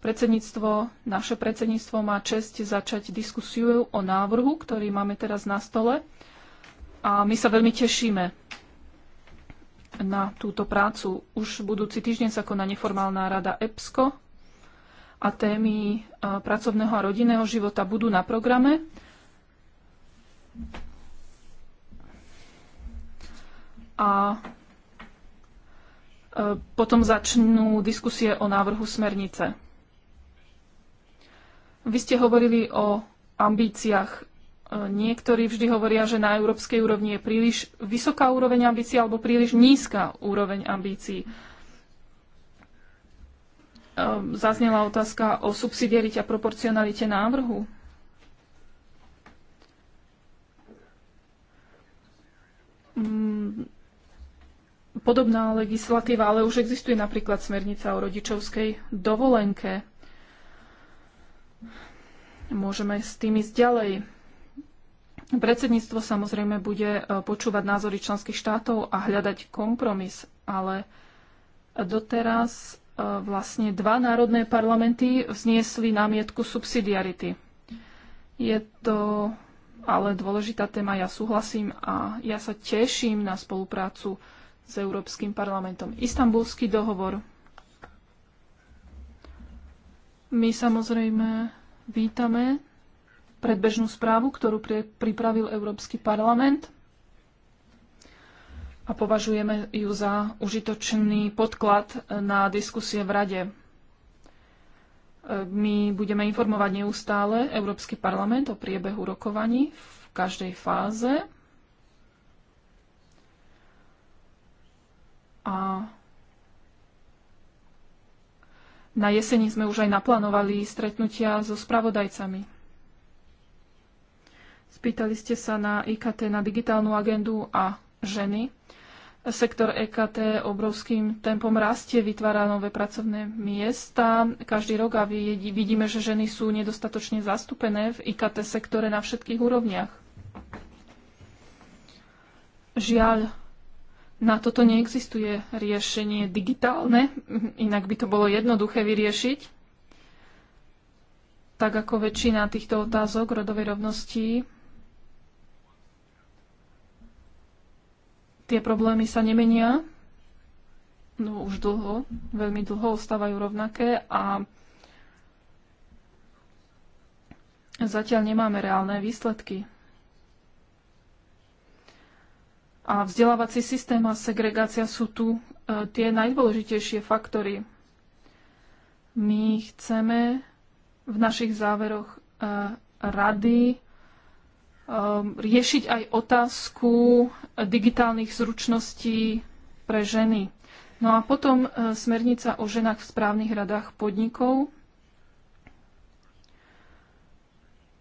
Predsedníctvo, naše predsedníctvo má čest začať diskusiu o návrhu, ktorý máme teraz na stole. A my sa veľmi tešíme na túto prácu. Už budúci týždeň sa koná neformálna rada EPSCO, a témy pracovného a rodinného života budú na programe. A e, potom začnú diskusie o návrhu smernice. Vy ste hovorili o ambíciách. E, niektorí vždy hovoria, že na európskej úrovni je príliš vysoká úroveň ambícií alebo príliš nízka úroveň ambícií. Ehm, zaznela otázka o subsidiarite a proporcionalite návrhu. Mm, podobná legislatíva, ale už existuje napríklad smernica o rodičovskej dovolenke. Môžeme s tým ísť ďalej. Predsedníctvo samozrejme bude e, počúvať názory členských štátov a hľadať kompromis, ale doteraz E, vlastne dva národné parlamenty vzniesli námietku subsidiarity. Je to ale dôležitá téma, ja súhlasím a ja sa teším na spoluprácu s Európskym parlamentom. Istanbulský dohovor. My samozrejme vítame predbežnú správu, ktorú pripravil Európsky parlament a považujeme ju za užitočný podklad na diskusie v Rade. E, my budeme informovať neustále Európsky parlament o priebehu rokovaní v každej fáze. A na jeseni sme už aj naplánovali stretnutia so spravodajcami. Spýtali ste sa na IKT, na digitálnu agendu a ženy. Sektor EKT obrovským tempom rastie, vytvára nové pracovné miesta každý rok a vidíme, že ženy sú nedostatočne zastúpené v IKT e sektore na všetkých úrovniach. Žiaľ, na toto neexistuje riešenie digitálne, inak by to bolo jednoduché vyriešiť. Tak ako väčšina týchto otázok rodovej rovnosti Tie problémy sa nemenia no, už dlho, veľmi dlho ostávajú rovnaké a zatiaľ nemáme reálne výsledky. A vzdelávací systém a segregácia sú tu e, tie najdôležitejšie faktory. My chceme v našich záveroch e, rady Um, riešiť aj otázku digitálnych zručností pre ženy. No a potom uh, smernica o ženách v správnych radách podnikov.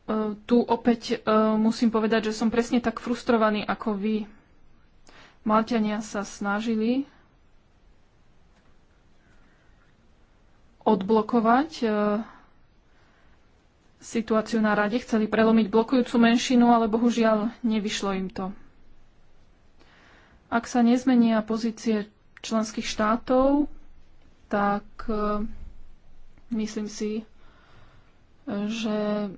Uh, tu opäť uh, musím povedať, že som presne tak frustrovaný ako vy. Malťania sa snažili odblokovať situáciu na rade, chceli prelomiť blokujúcu menšinu, ale bohužiaľ nevyšlo im to. Ak sa nezmenia pozície členských štátov, tak e, myslím si, e, že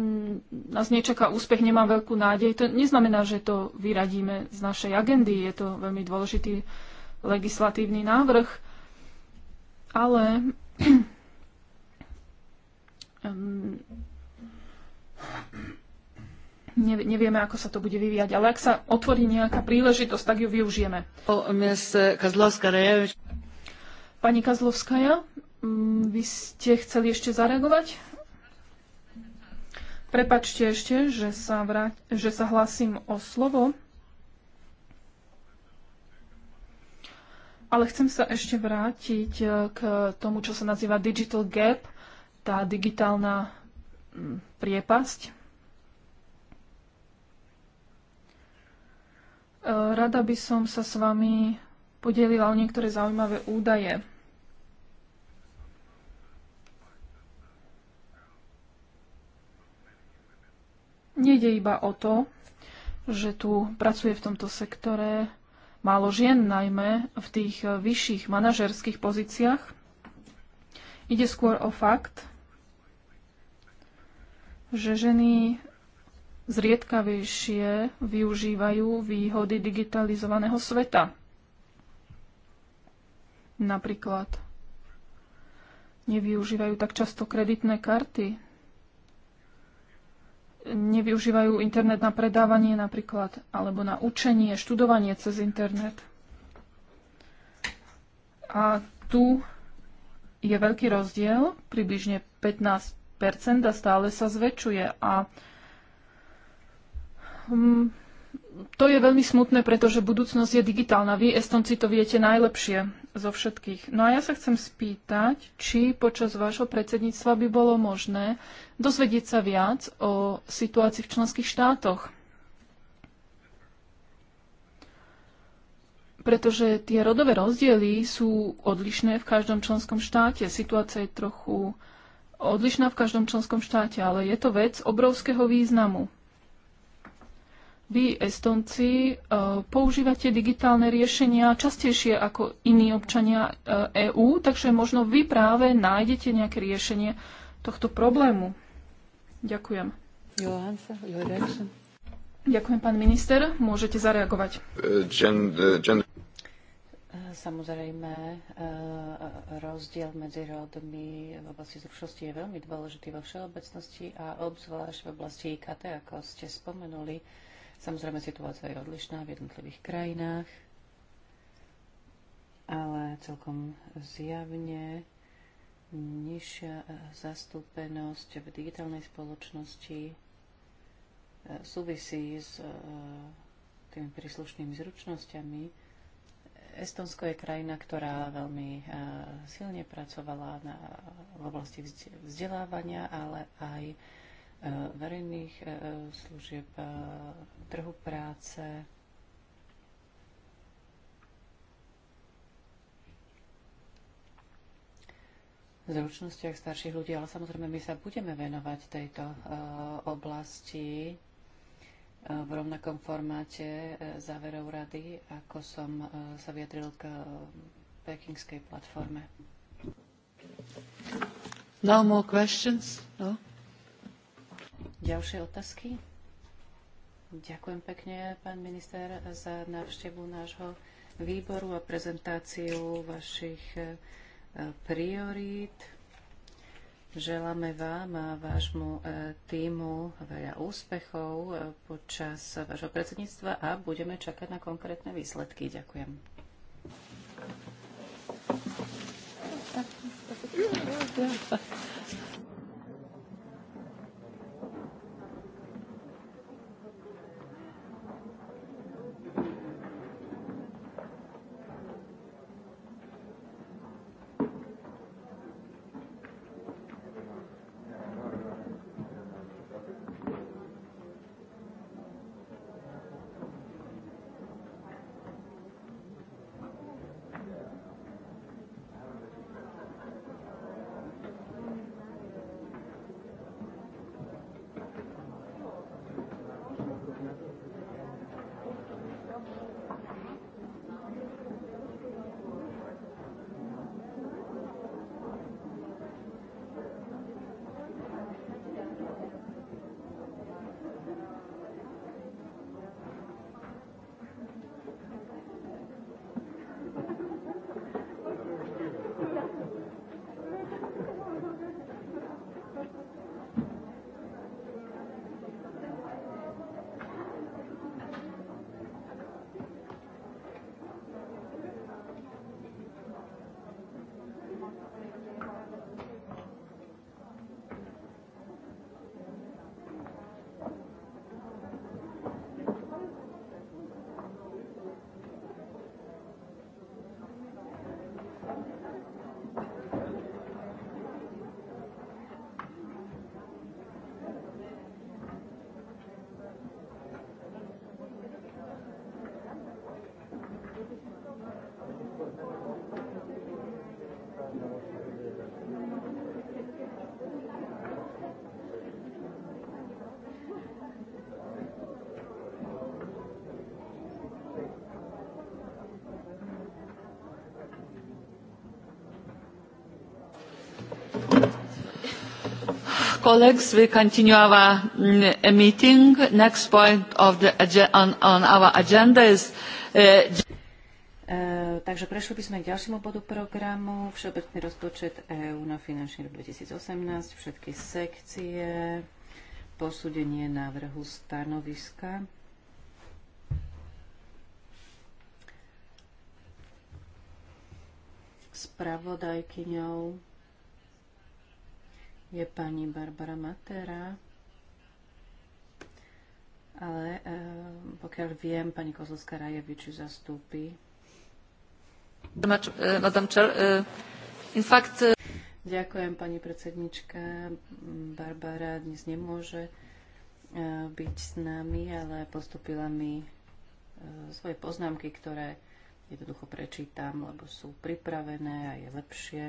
mm, nás nečaká úspech, nemám veľkú nádej. To neznamená, že to vyradíme z našej agendy, je to veľmi dôležitý legislatívny návrh, ale um, nevieme, ako sa to bude vyvíjať, ale ak sa otvorí nejaká príležitosť, tak ju využijeme. Pani Kazlovskaja, mm, vy ste chceli ešte zareagovať? Prepačte ešte, že sa, vrát, že sa hlasím o slovo, ale chcem sa ešte vrátiť eh, k tomu, čo sa nazýva Digital Gap – tá digitálna mm, priepasť. E, rada by som sa s vami podelila o niektoré zaujímavé údaje. Nejde iba o to, že tu pracuje v tomto sektore málo žien, najmä v tých e, vyšších manažerských pozíciách. Ide skôr o fakt, že ženy zriedkavejšie využívajú výhody digitalizovaného sveta. Napríklad nevyužívajú tak často kreditné karty, nevyužívajú internet na predávanie napríklad, alebo na učenie, študovanie cez internet. A tu je veľký rozdiel, približne 15 a stále sa zväčšuje. A mm, to je veľmi smutné, pretože budúcnosť je digitálna. Vy, Estonci, to viete najlepšie zo všetkých. No a ja sa chcem spýtať, či počas vášho predsedníctva by bolo možné dozvedieť sa viac o situácii v členských štátoch. Pretože tie rodové rozdiely sú odlišné v každom členskom štáte. Situácia je trochu odlišná v každom členskom štáte, ale je to vec obrovského významu. Vy, Estonci, e, používate digitálne riešenia častejšie ako iní občania EÚ, e takže možno vy práve nájdete nejaké riešenie tohto problému. Ďakujem. Ďakujem, pán minister. Môžete zareagovať. E, gen... Samozrejme, e, rozdiel medzi rodmi v oblasti zručnosti je veľmi dôležitý vo všeobecnosti a obzvlášť v oblasti IKT, ako ste spomenuli. Samozrejme, situácia je odlišná v jednotlivých krajinách, ale celkom zjavne nižšia zastúpenosť v digitálnej spoločnosti e, súvisí s e, tými príslušnými zručnosťami, Estonsko je krajina, ktorá veľmi e, silne pracovala na, v oblasti vzdelávania, ale aj e, verejných e, služieb, trhu práce. V zručnostiach starších ľudí, ale samozrejme my sa budeme venovať tejto oblasti v rovnakom formáte e, záverov rady, ako som e, sa vyjadril k e, pekingskej platforme. No more questions? No? Ďalšie otázky? Ďakujem pekne, pán minister, za návštevu nášho výboru a prezentáciu vašich priorít Želáme vám a vášmu e, týmu veľa úspechov e, počas vášho predsedníctva a budeme čakať na konkrétne výsledky. Ďakujem. Thank you. colleagues, we continue our mm, meeting. Next point of the, on, on our agenda is... Uh, eh, takže prešli by sme k ďalšiemu bodu programu. Všeobecný rozpočet EÚ na finančný rok 2018, všetky sekcie, posúdenie návrhu stanoviska. Spravodajkyňou je pani Barbara Matera. Ale eh, pokiaľ viem, pani Kozlovská Rajevič zastúpi. Eh, eh, Ďakujem, pani predsednička. Barbara dnes nemôže byť s nami, ale postupila mi svoje poznámky, ktoré jednoducho prečítam, lebo sú pripravené a je lepšie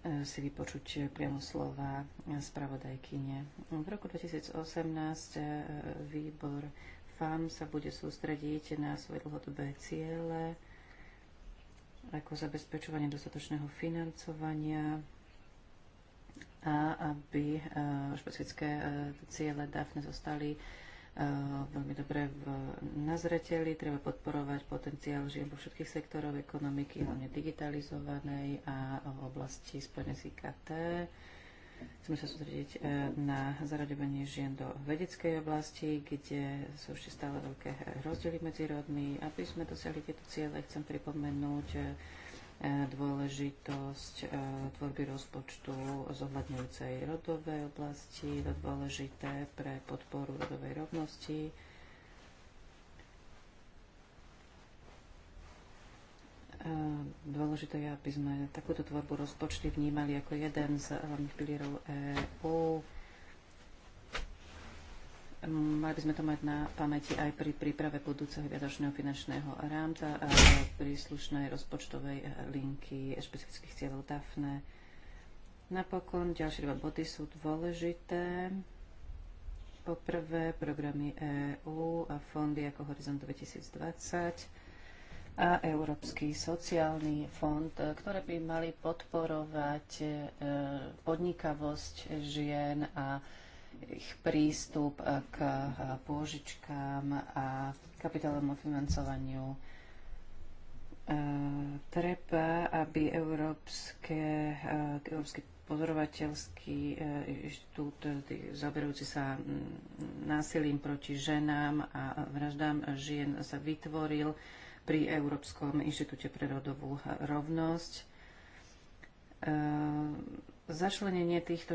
E, si vypočuť priamo slova spravodajkyne. V roku 2018 e, výbor FAM sa bude sústrediť na svoje dlhodobé ciele, ako zabezpečovanie dostatočného financovania a aby e, špecifické ciele DAFNE zostali veľmi dobre v nazreteli. Treba podporovať potenciál žien vo všetkých sektorov ekonomiky, hlavne digitalizovanej a v oblasti spojené s IKT. Chceme sa sústrediť e, na zaraďovanie žien do vedeckej oblasti, kde sú ešte stále veľké rozdiely medzi rodmi. Aby sme dosiahli tieto ciele, chcem pripomenúť e, dôležitosť e, tvorby rozpočtu zohľadňujúcej rodové oblasti, to dôležité pre podporu rodovej rovnosti. E, dôležité je, aby sme takúto tvorbu rozpočty vnímali ako jeden z hlavných pilierov EÚ Mali by sme to mať na pamäti aj pri príprave budúceho viadočného finančného rámca a príslušnej rozpočtovej linky špecifických cieľov DAFNE. Napokon ďalšie dva body sú dôležité. Poprvé programy EÚ a fondy ako Horizon 2020 a Európsky sociálny fond, ktoré by mali podporovať e, podnikavosť žien a ich prístup k pôžičkám a kapitálovému financovaniu. E, treba, aby európske, e, európsky pozorovateľský e, inštitút zaoberujúci sa násilím proti ženám a vraždám žien sa vytvoril pri Európskom inštitúte pre rodovú rovnosť. Začlenenie týchto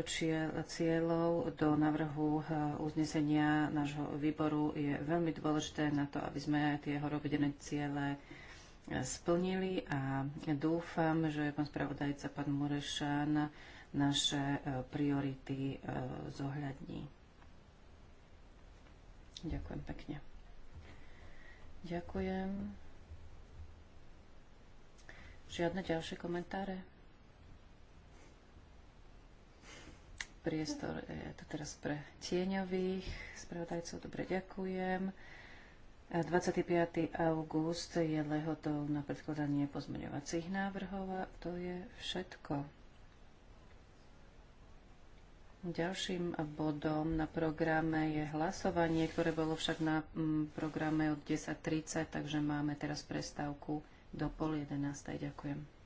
cieľov do návrhu eh, uznesenia nášho výboru je veľmi dôležité na to, aby sme tie horovidené ciele eh, splnili a dúfam, že pán spravodajca, pán Murešan, naše eh, priority zohľadní. Ďakujem pekne. Ďakujem. Žiadne ďalšie komentáre? priestor e, je to teraz pre tieňových spravodajcov. Dobre, ďakujem. 25. august je lehotou na predkladanie pozmeňovacích návrhov a to je všetko. Ďalším bodom na programe je hlasovanie, ktoré bolo však na mm, programe od 10.30, takže máme teraz prestávku do pol 11. Ďakujem.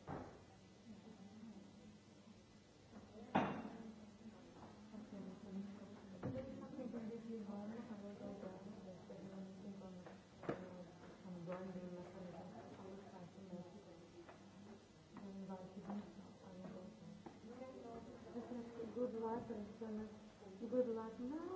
Yugurdular. Ne?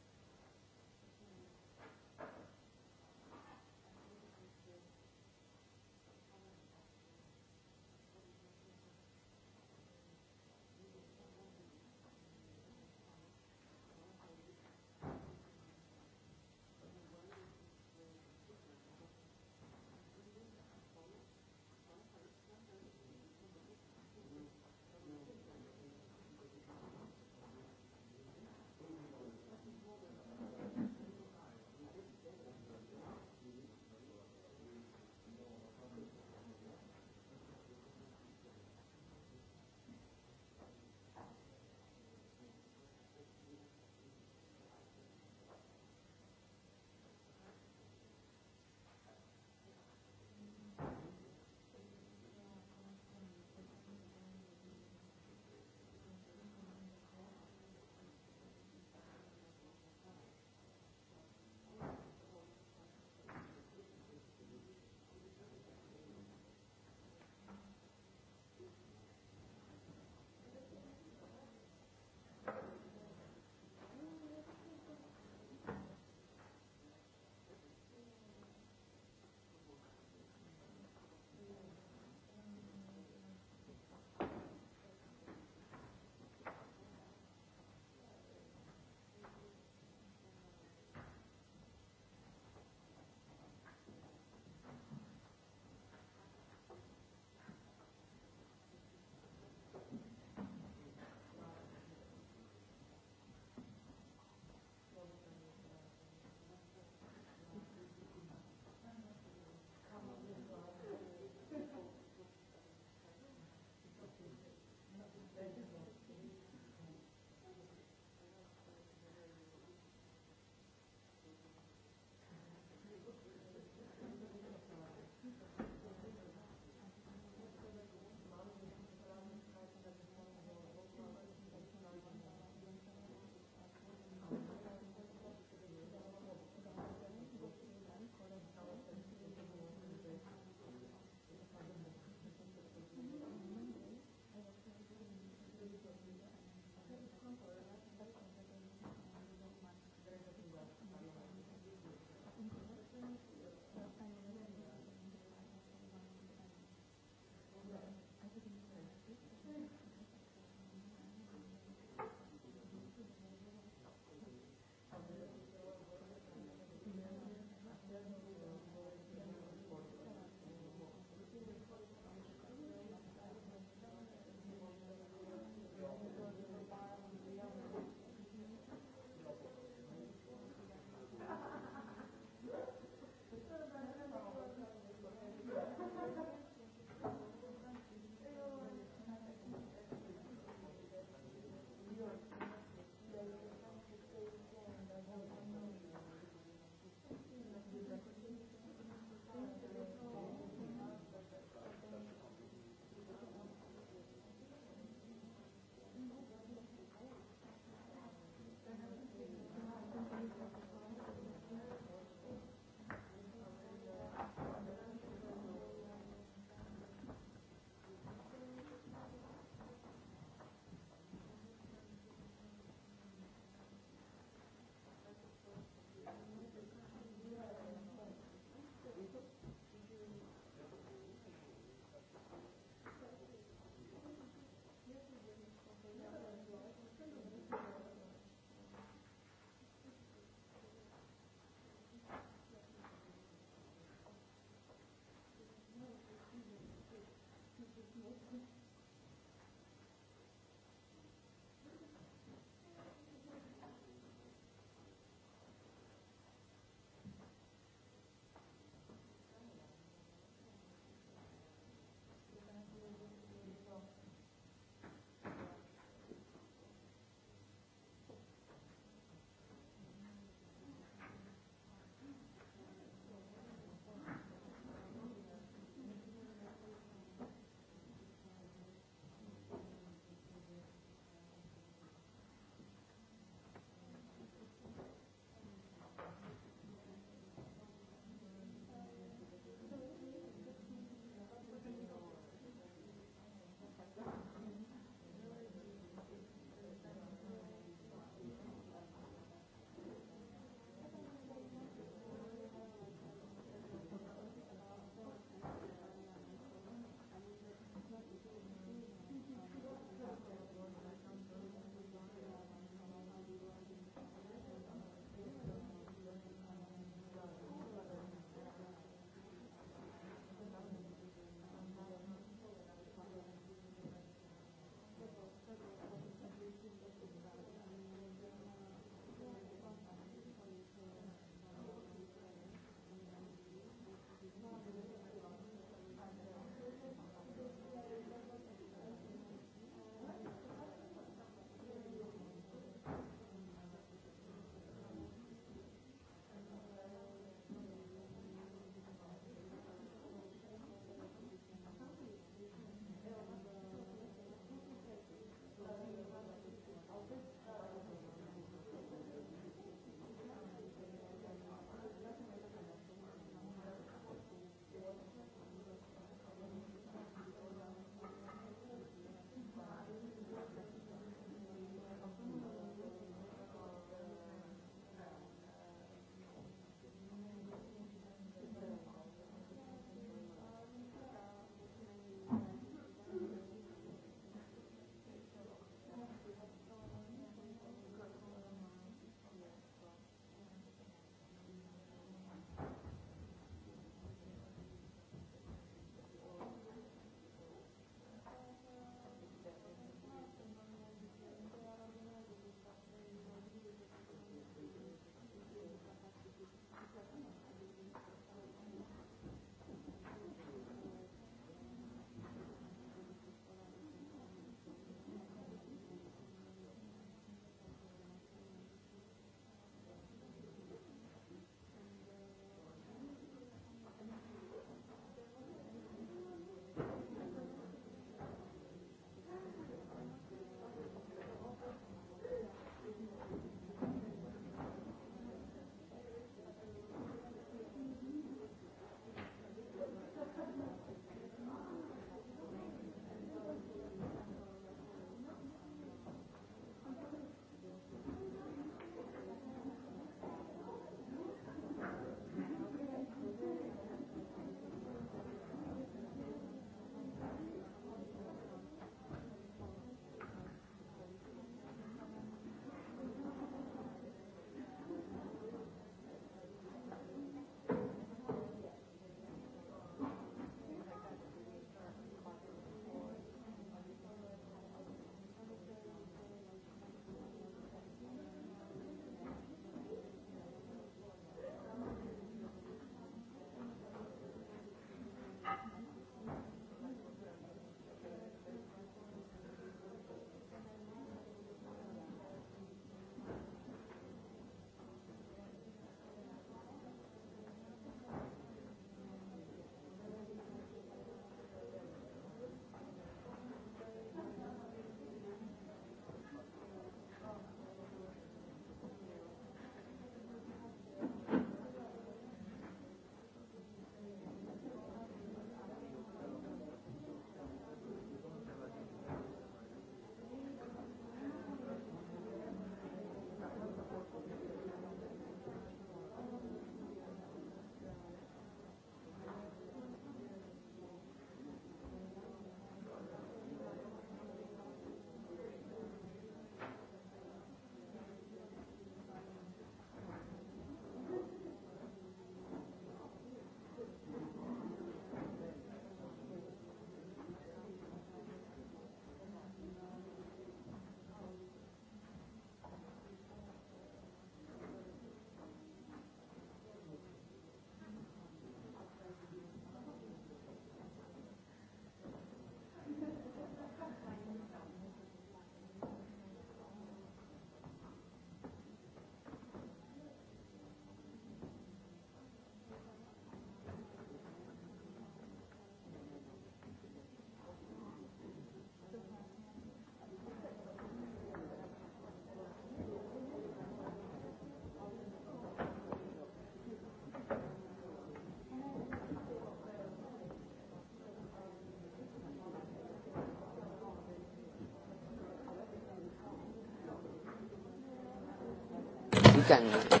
Vatican.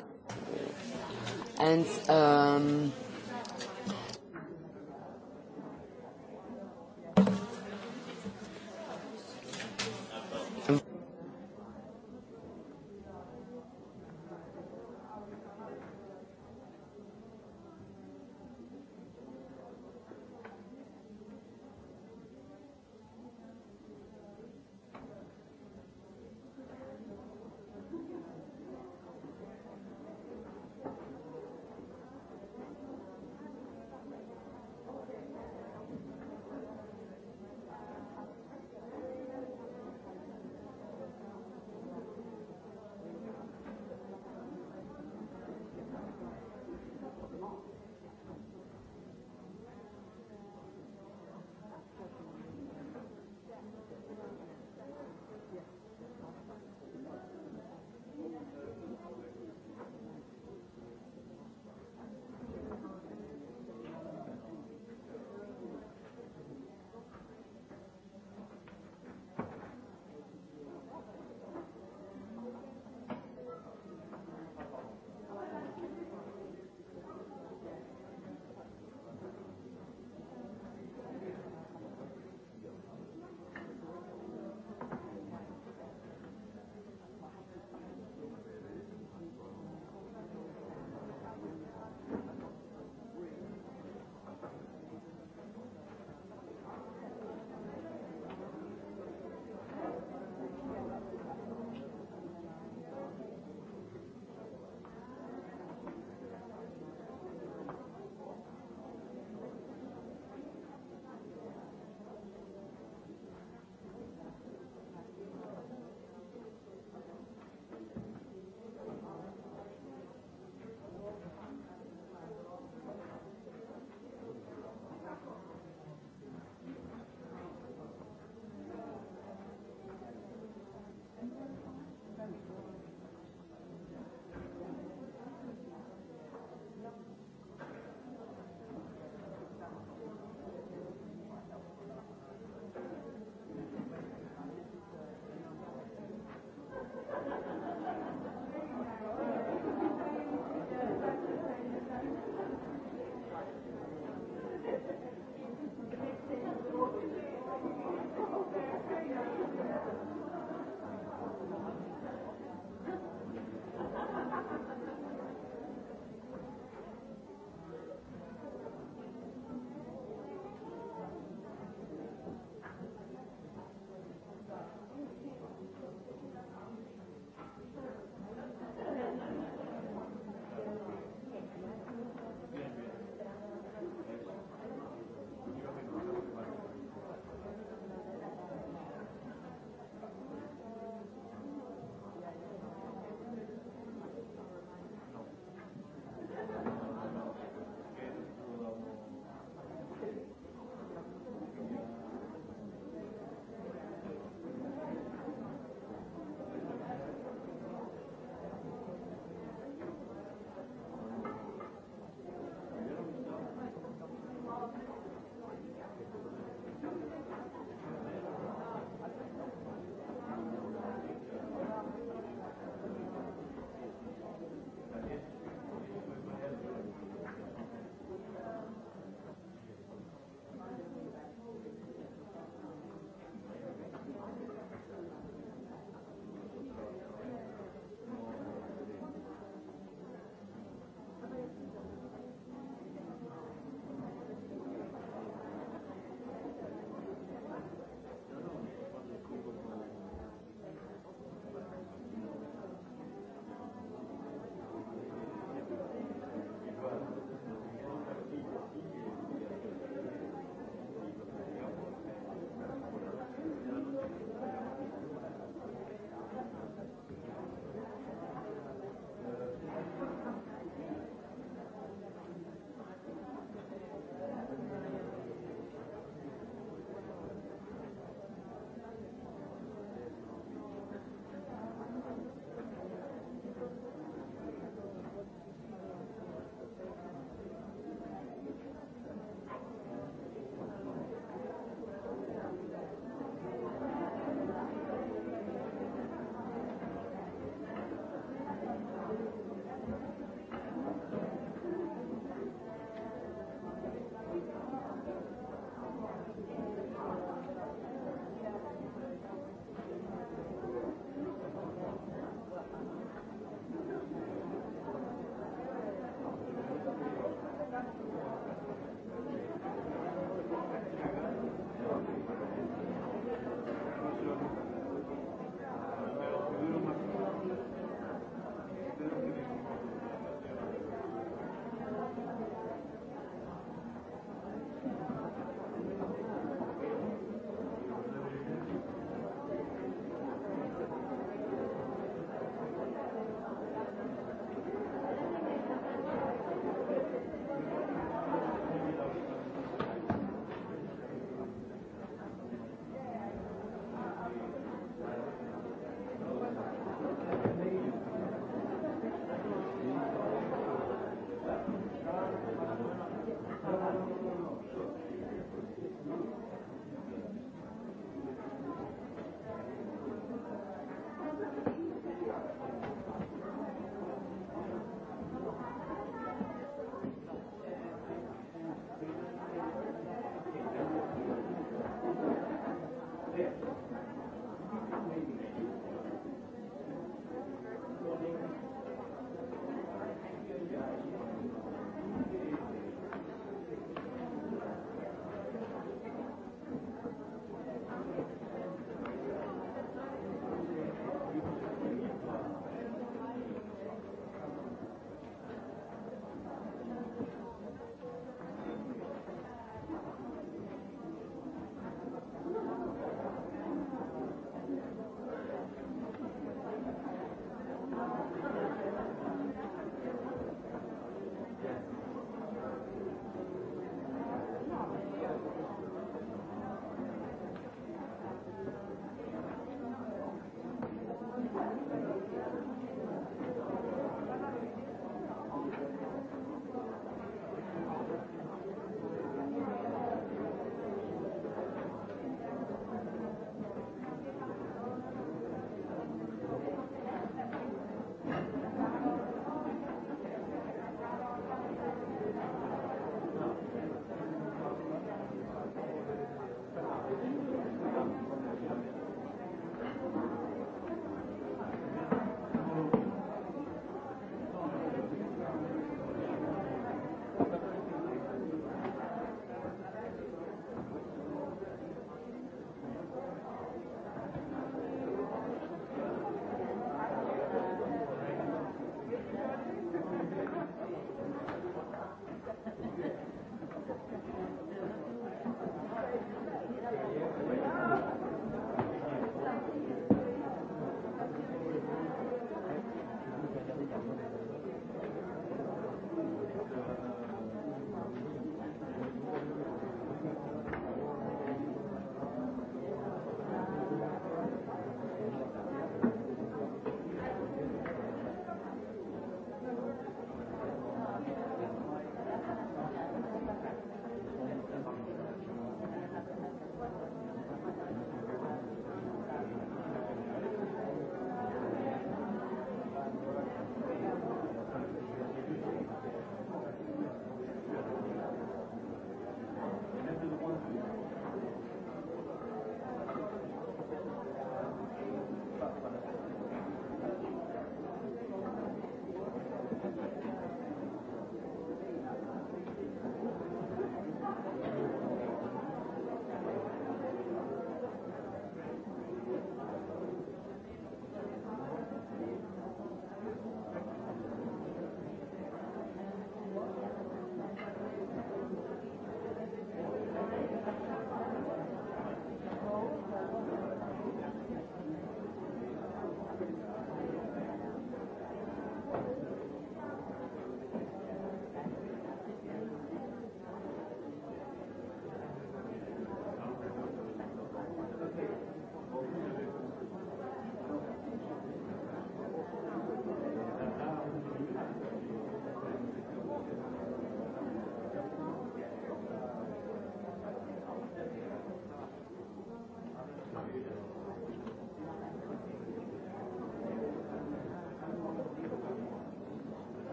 And um,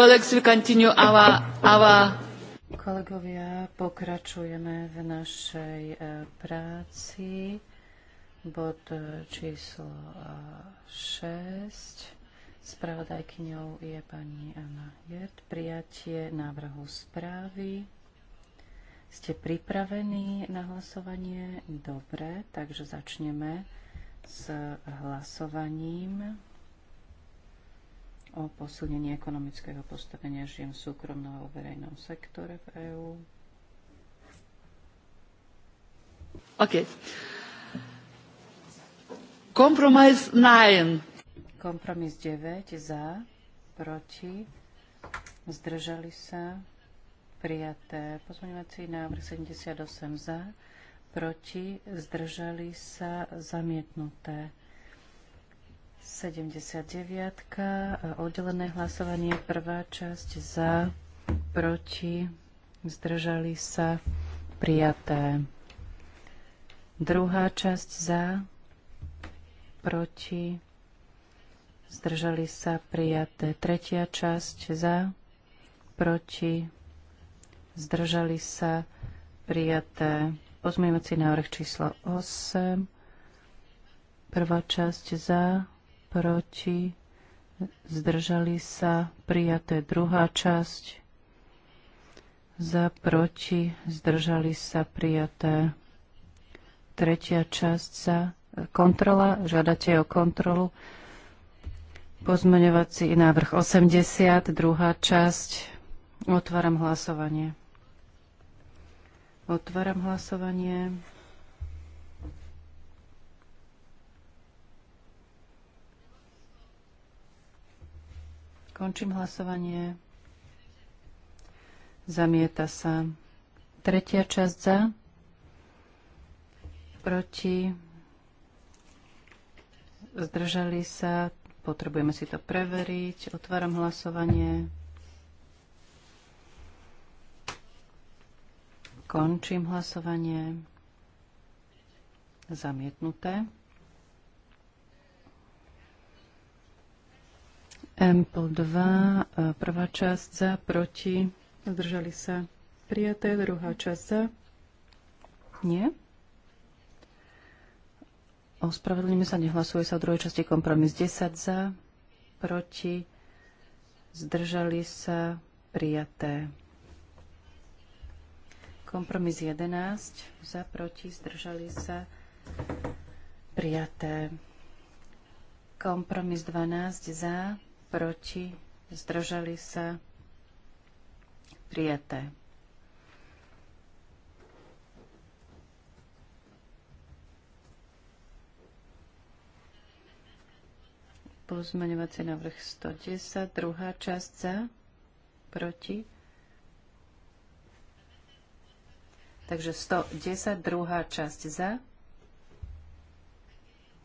Colleagues, we continue our, Kolegovia, pokračujeme v našej e, práci. Bod e, číslo 6. E, Spravodajkyňou je pani Anna Jert. Prijatie návrhu správy. Ste pripravení na hlasovanie? Dobre, takže začneme s hlasovaním o posilnení ekonomického postavenia žien v súkromnom a verejnom sektore v EÚ. OK. Kompromis 9. Kompromis 9 za, proti, zdržali sa, prijaté. Pozmeňovací návrh 78 za, proti, zdržali sa, zamietnuté. 79. E, oddelené hlasovanie. Prvá časť za, proti, zdržali sa, prijaté. Druhá časť za, proti, zdržali sa, prijaté. Tretia časť za, proti, zdržali sa, prijaté. si návrh číslo 8. Prvá časť za, proti, zdržali sa, prijaté druhá časť, za, proti, zdržali sa, prijaté tretia časť sa, kontrola, žiadate o kontrolu, pozmeňovací návrh 80, druhá časť, otváram hlasovanie. Otváram hlasovanie. Končím hlasovanie. Zamieta sa. Tretia časť za. Proti. Zdržali sa. Potrebujeme si to preveriť. Otváram hlasovanie. Končím hlasovanie. Zamietnuté. Ample 2, prvá časť za, proti, zdržali sa prijaté, druhá časť za, nie. Ospravedlníme sa, nehlasuje sa o druhej časti kompromis 10 za, proti, zdržali sa prijaté. Kompromis 11 za, proti, zdržali sa prijaté. Kompromis 12 za, proti, zdržali sa, prijaté. Pozmeňovací návrh 110, druhá časť za, proti. Takže 110, druhá časť za,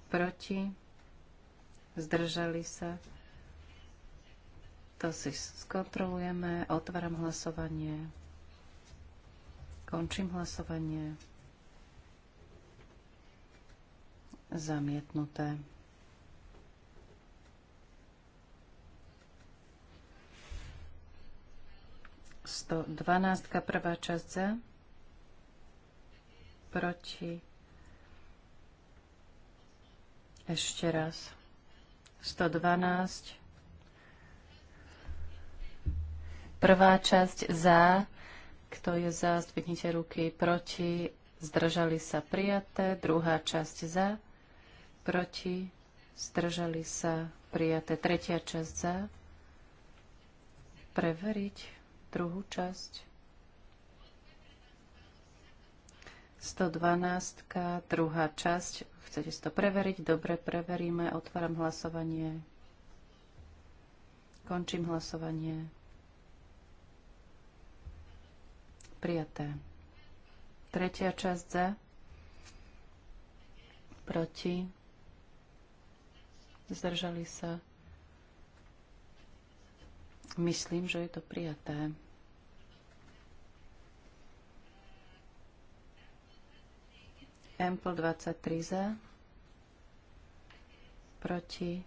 proti, zdržali sa, to si skontrolujeme. Otváram hlasovanie. Končím hlasovanie. Zamietnuté. Sto dvanáctka prvá časť za. Proti. Ešte raz. 112 Prvá časť za, kto je za, zdvihnite ruky proti, zdržali sa prijaté. Druhá časť za, proti, zdržali sa prijaté. Tretia časť za, preveriť druhú časť. 112, druhá časť. Chcete si to preveriť? Dobre, preveríme. Otváram hlasovanie. Končím hlasovanie. prijaté. Tretia časť za, proti, zdržali sa. Myslím, že je to prijaté. Ample 23 za, proti,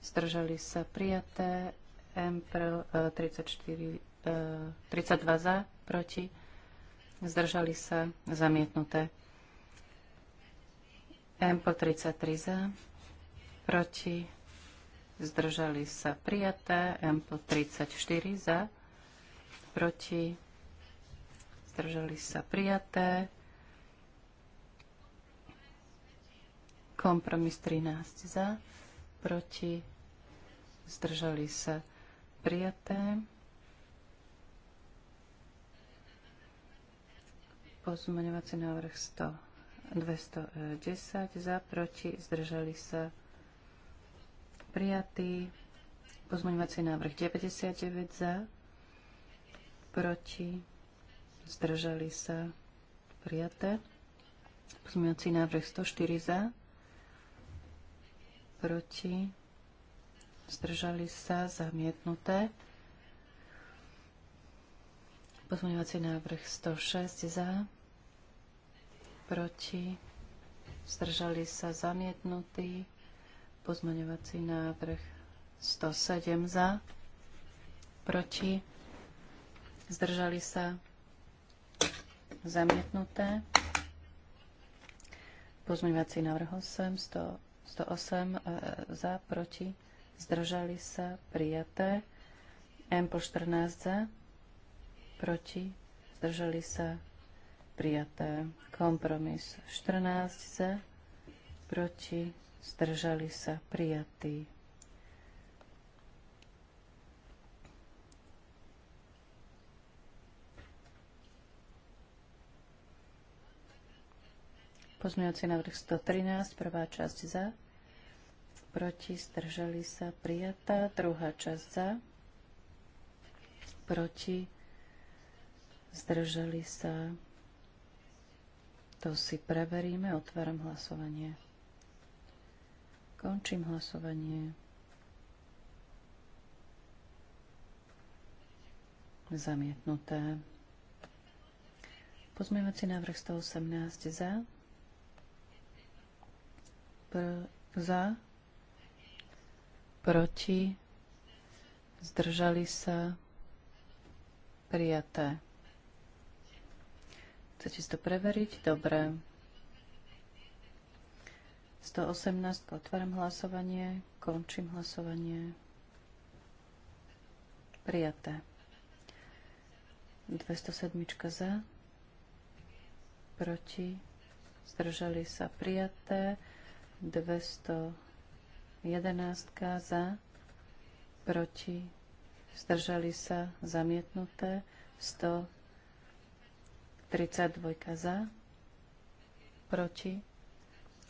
zdržali sa prijaté, Ample 34 eh, 32 za, proti, zdržali sa, zamietnuté. MPO 33 za, proti, zdržali sa, prijaté. MPO 34 za, proti, zdržali sa, prijaté. Kompromis 13 za, proti, zdržali sa, prijaté. Pozmeňovací návrh 100, 210 e, za, proti, zdržali sa prijatý. Pozmeňovací návrh 99 za, proti, zdržali sa prijaté. Pozmeňovací návrh 104 za, proti, zdržali sa zamietnuté. Pozmeňovací návrh 106 za, proti, zdržali sa zamietnutý pozmaňovací návrh 107 za, proti, zdržali sa zamietnuté, pozmaňovací návrh 8, 100, 108 za, proti, zdržali sa, prijaté, M po 14 za, proti, zdržali sa, prijaté. Kompromis 14 za, proti, zdržali sa, prijatý. Pozmeňujúci návrh 113, prvá časť za, proti, zdržali sa, prijatá, druhá časť za, proti, zdržali sa, prijatá to si preveríme. Otváram hlasovanie. Končím hlasovanie. Zamietnuté. Pozmievací návrh 118 za. Pr- za. Proti. Zdržali sa. Prijaté. Chcete si to preveriť? Dobre. 118. Otváram hlasovanie. Končím hlasovanie. Prijaté. 207. za. Proti. Zdržali sa. Prijaté. 211. za. Proti. Zdržali sa. Zamietnuté. 100 32 za, proti,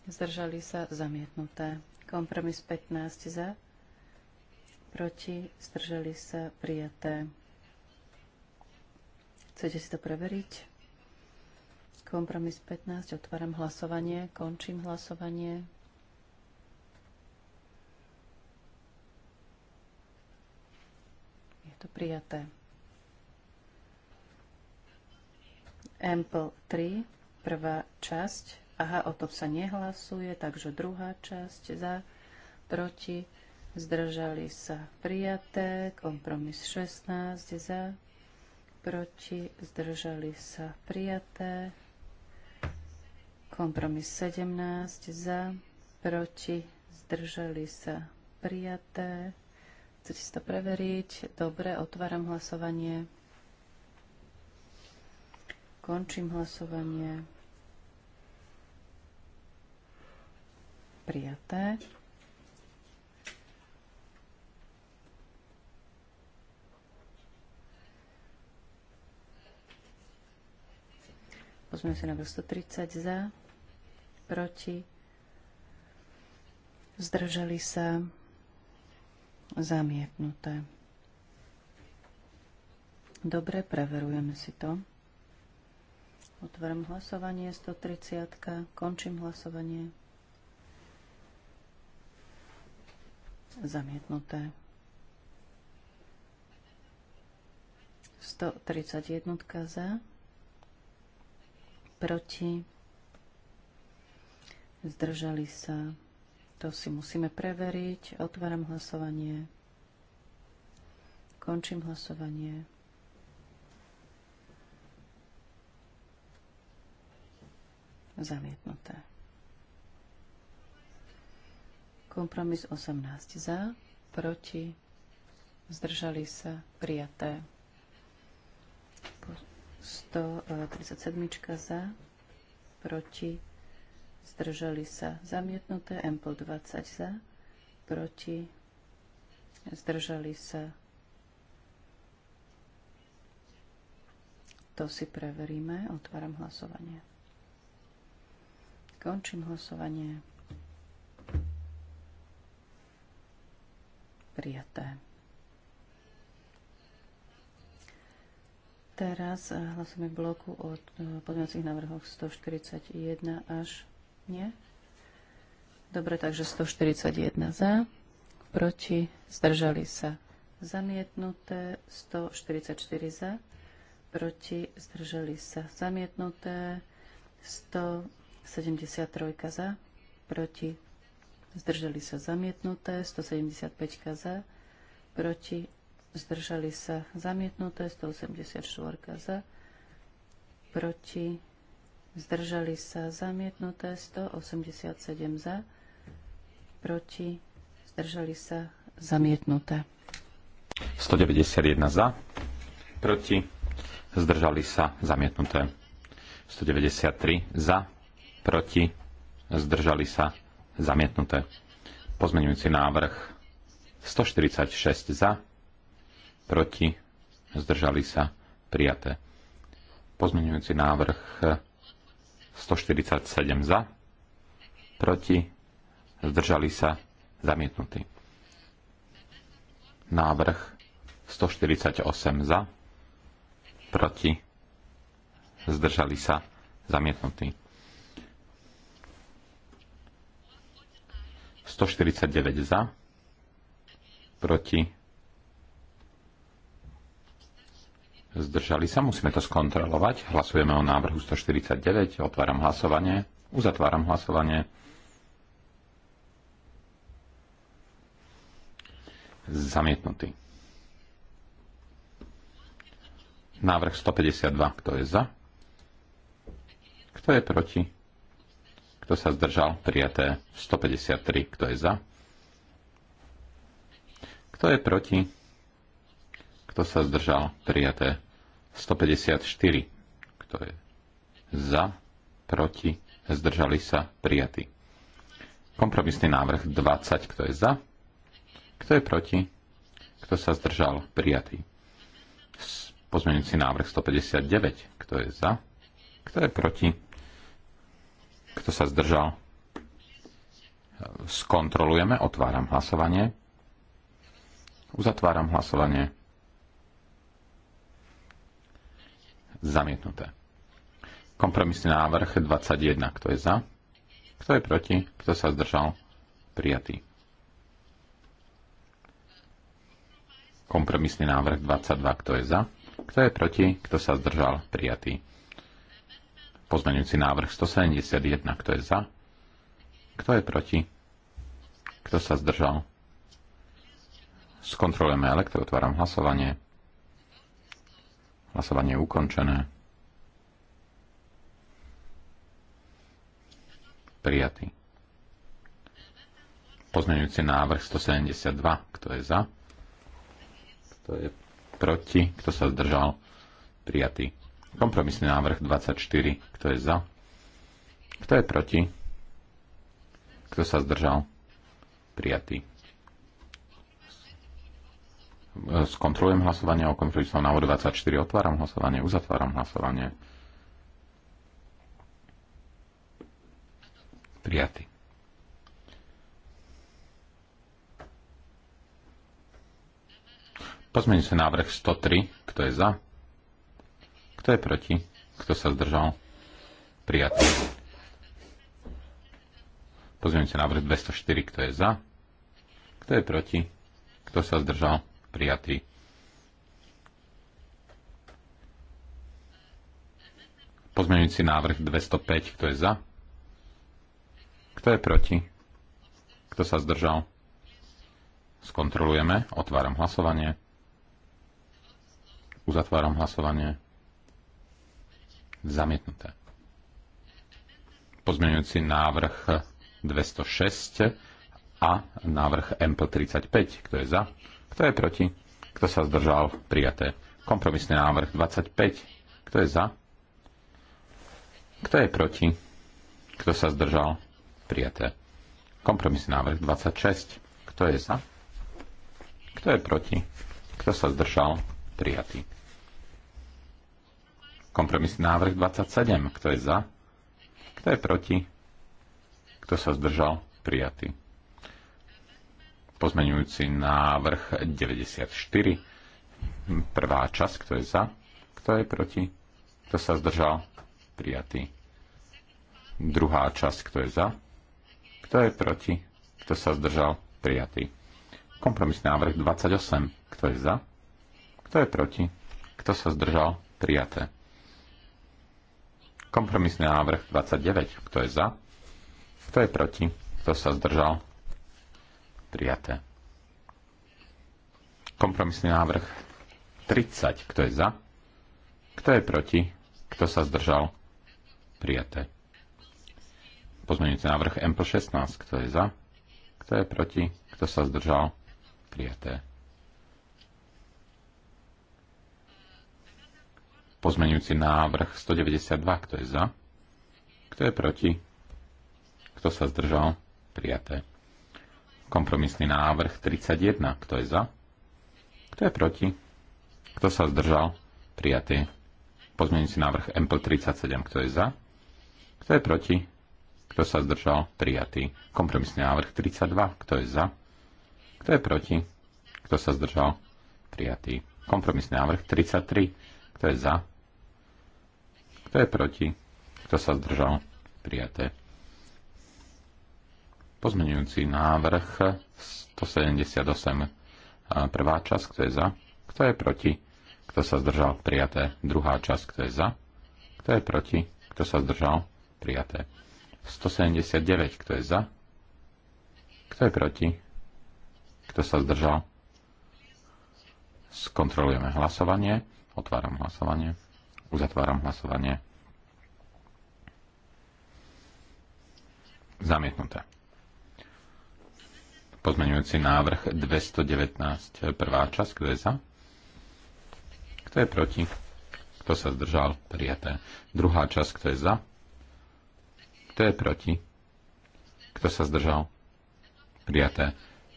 zdržali sa zamietnuté. Kompromis 15 za, proti, zdržali sa prijaté. Chcete si to preveriť? Kompromis 15, otváram hlasovanie, končím hlasovanie. Je to prijaté. Ample 3, prvá časť. Aha, o tom sa nehlasuje, takže druhá časť za, proti, zdržali sa prijaté, kompromis 16 za, proti, zdržali sa prijaté, kompromis 17 za, proti, zdržali sa prijaté. Chcete si to preveriť? Dobre, otváram hlasovanie. Končím hlasovanie. Prijaté. Pozmeme si na 130 za, proti, zdržali sa, zamietnuté. Dobre, preverujeme si to. Otvorím hlasovanie 130. Končím hlasovanie. Zamietnuté. 131 za. Proti. Zdržali sa. To si musíme preveriť. Otváram hlasovanie. Končím hlasovanie. Zamietnuté. Kompromis 18 za, proti, zdržali sa, prijaté. 137 e, za, proti, zdržali sa, zamietnuté. Ample 20 za, proti, zdržali sa. To si preveríme. Otváram hlasovanie. Končím hlasovanie. Prijaté. Teraz eh, hlasujeme k bloku od eh, podmiacich návrhoch 141 až... Nie? Dobre, takže 141 za, proti, zdržali sa. Zamietnuté 144 za, proti, zdržali sa. Zamietnuté 100 73 za, proti, zdržali sa zamietnuté, 175 za, proti, zdržali sa zamietnuté, 184 za, proti, zdržali sa zamietnuté, 187 za, proti, zdržali sa zamietnuté. 191 za, proti, zdržali sa zamietnuté. 193 za, proti, zdržali sa, zamietnuté. Pozmeňujúci návrh 146 za, proti, zdržali sa, prijaté. Pozmeňujúci návrh 147 za, proti, zdržali sa, zamietnutý. Návrh 148 za, proti, zdržali sa, zamietnutý 149 za, proti, zdržali sa. Musíme to skontrolovať. Hlasujeme o návrhu 149. Otváram hlasovanie. Uzatváram hlasovanie. Zamietnutý. Návrh 152. Kto je za? Kto je proti? Kto sa zdržal? Prijaté. 153. Kto je za? Kto je proti? Kto sa zdržal? Prijaté. 154. Kto je za? Proti? Zdržali sa? Prijatí. Kompromisný návrh 20. Kto je za? Kto je proti? Kto sa zdržal? Prijatý. Pozmeňujúci návrh 159. Kto je za? Kto je proti? Kto sa zdržal? Skontrolujeme. Otváram hlasovanie. Uzatváram hlasovanie. Zamietnuté. Kompromisný návrh 21. Kto je za? Kto je proti? Kto sa zdržal? Prijatý. Kompromisný návrh 22. Kto je za? Kto je proti? Kto sa zdržal? Prijatý. Pozmeňujúci návrh 171. Kto je za? Kto je proti? Kto sa zdržal? Skontrolujeme elektro, otváram hlasovanie. Hlasovanie je ukončené. Prijatý. Pozmeňujúci návrh 172. Kto je za? Kto je proti? Kto sa zdržal? Prijatý. Kompromisný návrh 24. Kto je za? Kto je proti? Kto sa zdržal? Prijatý. E, skontrolujem hlasovanie o kompromisnom návrhu 24. Otváram hlasovanie, uzatváram hlasovanie. Prijatý. Pozmeňujem sa návrh 103. Kto je za? Kto je proti? Kto sa zdržal? Prijatý. sa návrh 204. Kto je za? Kto je proti? Kto sa zdržal? Prijatý. Pozmeňujúci návrh 205. Kto je za? Kto je proti? Kto sa zdržal? Skontrolujeme. Otváram hlasovanie. Uzatváram hlasovanie. Zamietnuté. Pozmeňujúci návrh 206 a návrh MP35. Kto je za? Kto je proti? Kto sa zdržal? Prijaté. Kompromisný návrh 25. Kto je za? Kto je proti? Kto sa zdržal? Prijaté. Kompromisný návrh 26. Kto je za? Kto je proti? Kto sa zdržal? Prijatý. Kompromisný návrh 27. Kto je za? Kto je proti? Kto sa zdržal? Prijatý. Pozmenujúci návrh 94. Prvá časť. Kto je za? Kto je proti? Kto sa zdržal? Prijatý. Druhá časť. Kto je za? Kto je proti? Kto sa zdržal? Prijatý. Kompromisný návrh 28. Kto je za? Kto je proti? Kto sa zdržal? Prijaté. Kompromisný návrh 29. Kto je za? Kto je proti? Kto sa zdržal? Prijaté. Kompromisný návrh 30. Kto je za? Kto je proti? Kto sa zdržal? Prijaté. Pozmeňujúci návrh MP16. Kto je za? Kto je proti? Kto sa zdržal? Prijaté. Pozmenujúci návrh 192, kto je za? Kto je proti? Kto sa zdržal? Prijaté. Kompromisný návrh 31, kto je za? Kto je proti? Kto sa zdržal? Prijatý. Pozmenujúci návrh MP 37, kto je za? Kto je proti? Kto sa zdržal? Prijatý. Kompromisný návrh 32, kto je za? Kto je proti? Kto sa zdržal? Prijatý. Kompromisný návrh 33, kto je za? Kto je proti? Kto sa zdržal? Prijaté. Pozmenujúci návrh 178. Prvá časť, kto je za? Kto je proti? Kto sa zdržal? Prijaté. Druhá časť, kto je za? Kto je proti? Kto sa zdržal? Prijaté. 179, kto je za? Kto je proti? Kto sa zdržal? Skontrolujeme hlasovanie. Otváram hlasovanie. Uzatváram hlasovanie. Zamietnuté. Pozmeňujúci návrh 219, prvá časť, kto je za? Kto je proti? Kto sa zdržal? Prijaté. Druhá časť, kto je za? Kto je proti? Kto sa zdržal? Prijaté.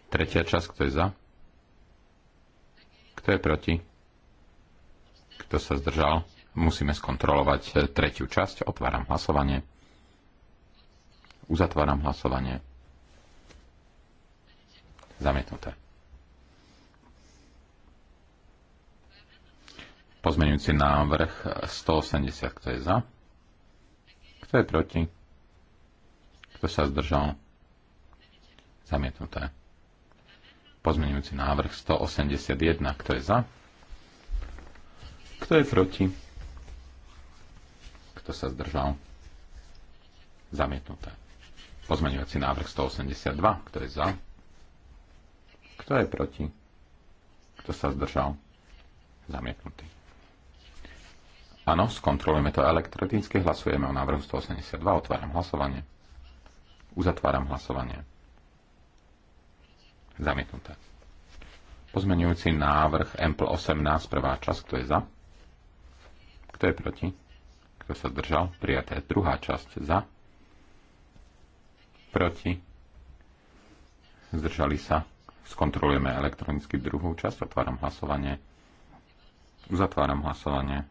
Tretia časť, kto je za? Kto je proti? Kto sa zdržal? Musíme skontrolovať eh, tretiu časť. Otváram hlasovanie. Uzatváram hlasovanie. Zamietnuté. Pozmeňujúci návrh 180, kto je za? Kto je proti? Kto sa zdržal? Zamietnuté. Pozmeňujúci návrh 181, kto je za? Kto je proti? Kto sa zdržal? Zamietnuté. Pozmeňovací návrh 182. Kto je za? Kto je proti? Kto sa zdržal? Zamietnutý. Áno, skontrolujeme to elektronicky. Hlasujeme o návrhu 182. Otváram hlasovanie. Uzatváram hlasovanie. Zamietnuté. Pozmenujúci návrh MPL 18, prvá časť, kto je za? Kto je proti? Kto sa zdržal? Prijaté. Druhá časť za. Proti. Zdržali sa. Skontrolujeme elektronicky druhú časť. Otváram hlasovanie. Uzatváram hlasovanie.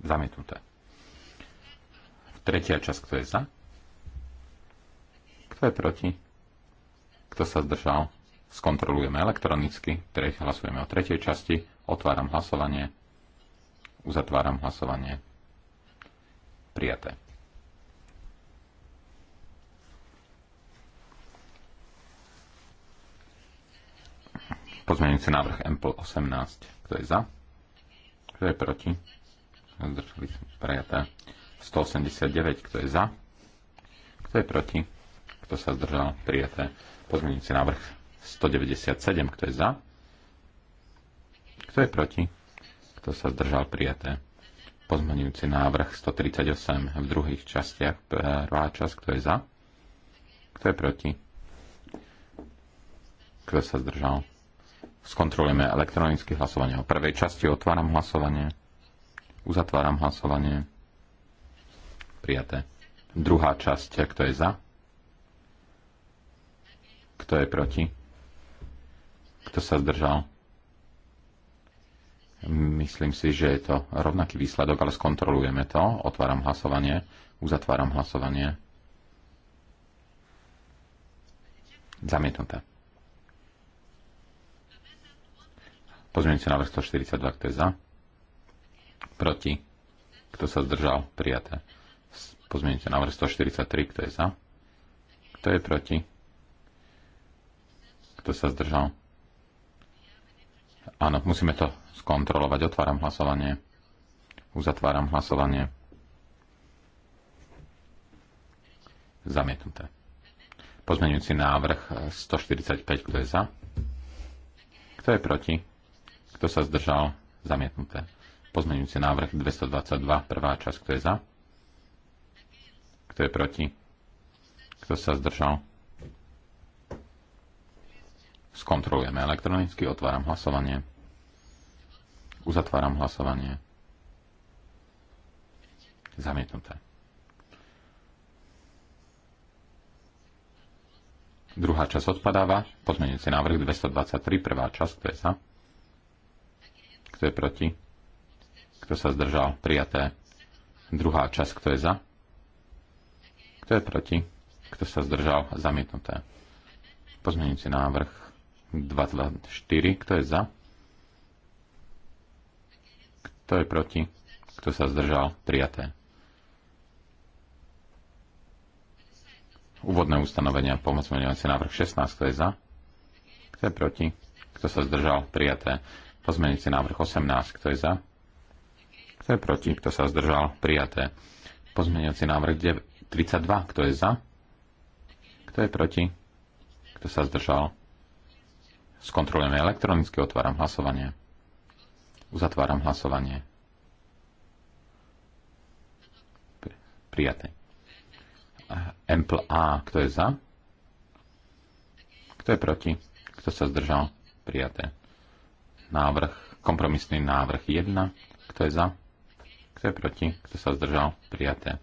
Zamietnuté. Tretia časť, kto je za? Kto je proti? Kto sa zdržal? Skontrolujeme elektronicky. Hlasujeme o tretej časti. Otváram hlasovanie. Uzatváram hlasovanie. Prijaté. Pozmeňujúci návrh MPL 18. Kto je za? Kto je proti? Zdržali sa prijaté. 189. Kto je za? Kto je proti? Kto sa zdržal? Prijaté. Pozmeňujúci návrh 197. Kto je za? Kto je proti? Kto sa zdržal prijaté? Pozmenujúci návrh 138 v druhých častiach. Prvá časť, kto je za? Kto je proti? Kto sa zdržal? Skontrolujeme elektronické hlasovanie. O prvej časti otváram hlasovanie. Uzatváram hlasovanie. Prijaté. Druhá časť, kto je za? Kto je proti? Kto sa zdržal? Myslím si, že je to rovnaký výsledok, ale skontrolujeme to. Otváram hlasovanie, uzatváram hlasovanie. Zamietnuté. Pozmienujúci návrh 142, kto je za? Proti? Kto sa zdržal? Prijaté. Pozmienujúci návrh 143, kto je za? Kto je proti? Kto sa zdržal? Áno, musíme to skontrolovať. Otváram hlasovanie. Uzatváram hlasovanie. Zamietnuté. Pozmeňujúci návrh 145, eh, kto je za? Kto je proti? Kto sa zdržal? Zamietnuté. Pozmeňujúci návrh 222, prvá časť, kto je za? Kto je proti? Kto sa zdržal? Skontrolujeme elektronicky, otváram hlasovanie. Uzatváram hlasovanie. Zamietnuté. Druhá časť odpadáva. Pozmeňujúci návrh 223, prvá časť, kto je za? Kto je proti? Kto sa zdržal? Prijaté. Druhá časť, kto je za? Kto je proti? Kto sa zdržal? Zamietnuté. Pozmeňujúci návrh 224, kto je za? Kto je proti? Kto sa zdržal? Prijaté. Úvodné ustanovenia. Pomoc návrh 16. Kto je za? Kto je proti? Kto sa zdržal? Prijaté. Pozmeňujúci návrh 18. Kto je za? Kto je proti? Kto sa zdržal? Prijaté. Pozmeňujúci návrh 32. Kto je za? Kto je proti? Kto sa zdržal? Skontrolujeme elektronicky. Otváram hlasovanie. Uzatváram hlasovanie. Prijaté. Empl A, kto je za? Kto je proti? Kto sa zdržal? Prijaté. Návrh, kompromisný návrh 1. Kto je za? Kto je proti? Kto sa zdržal? Prijaté.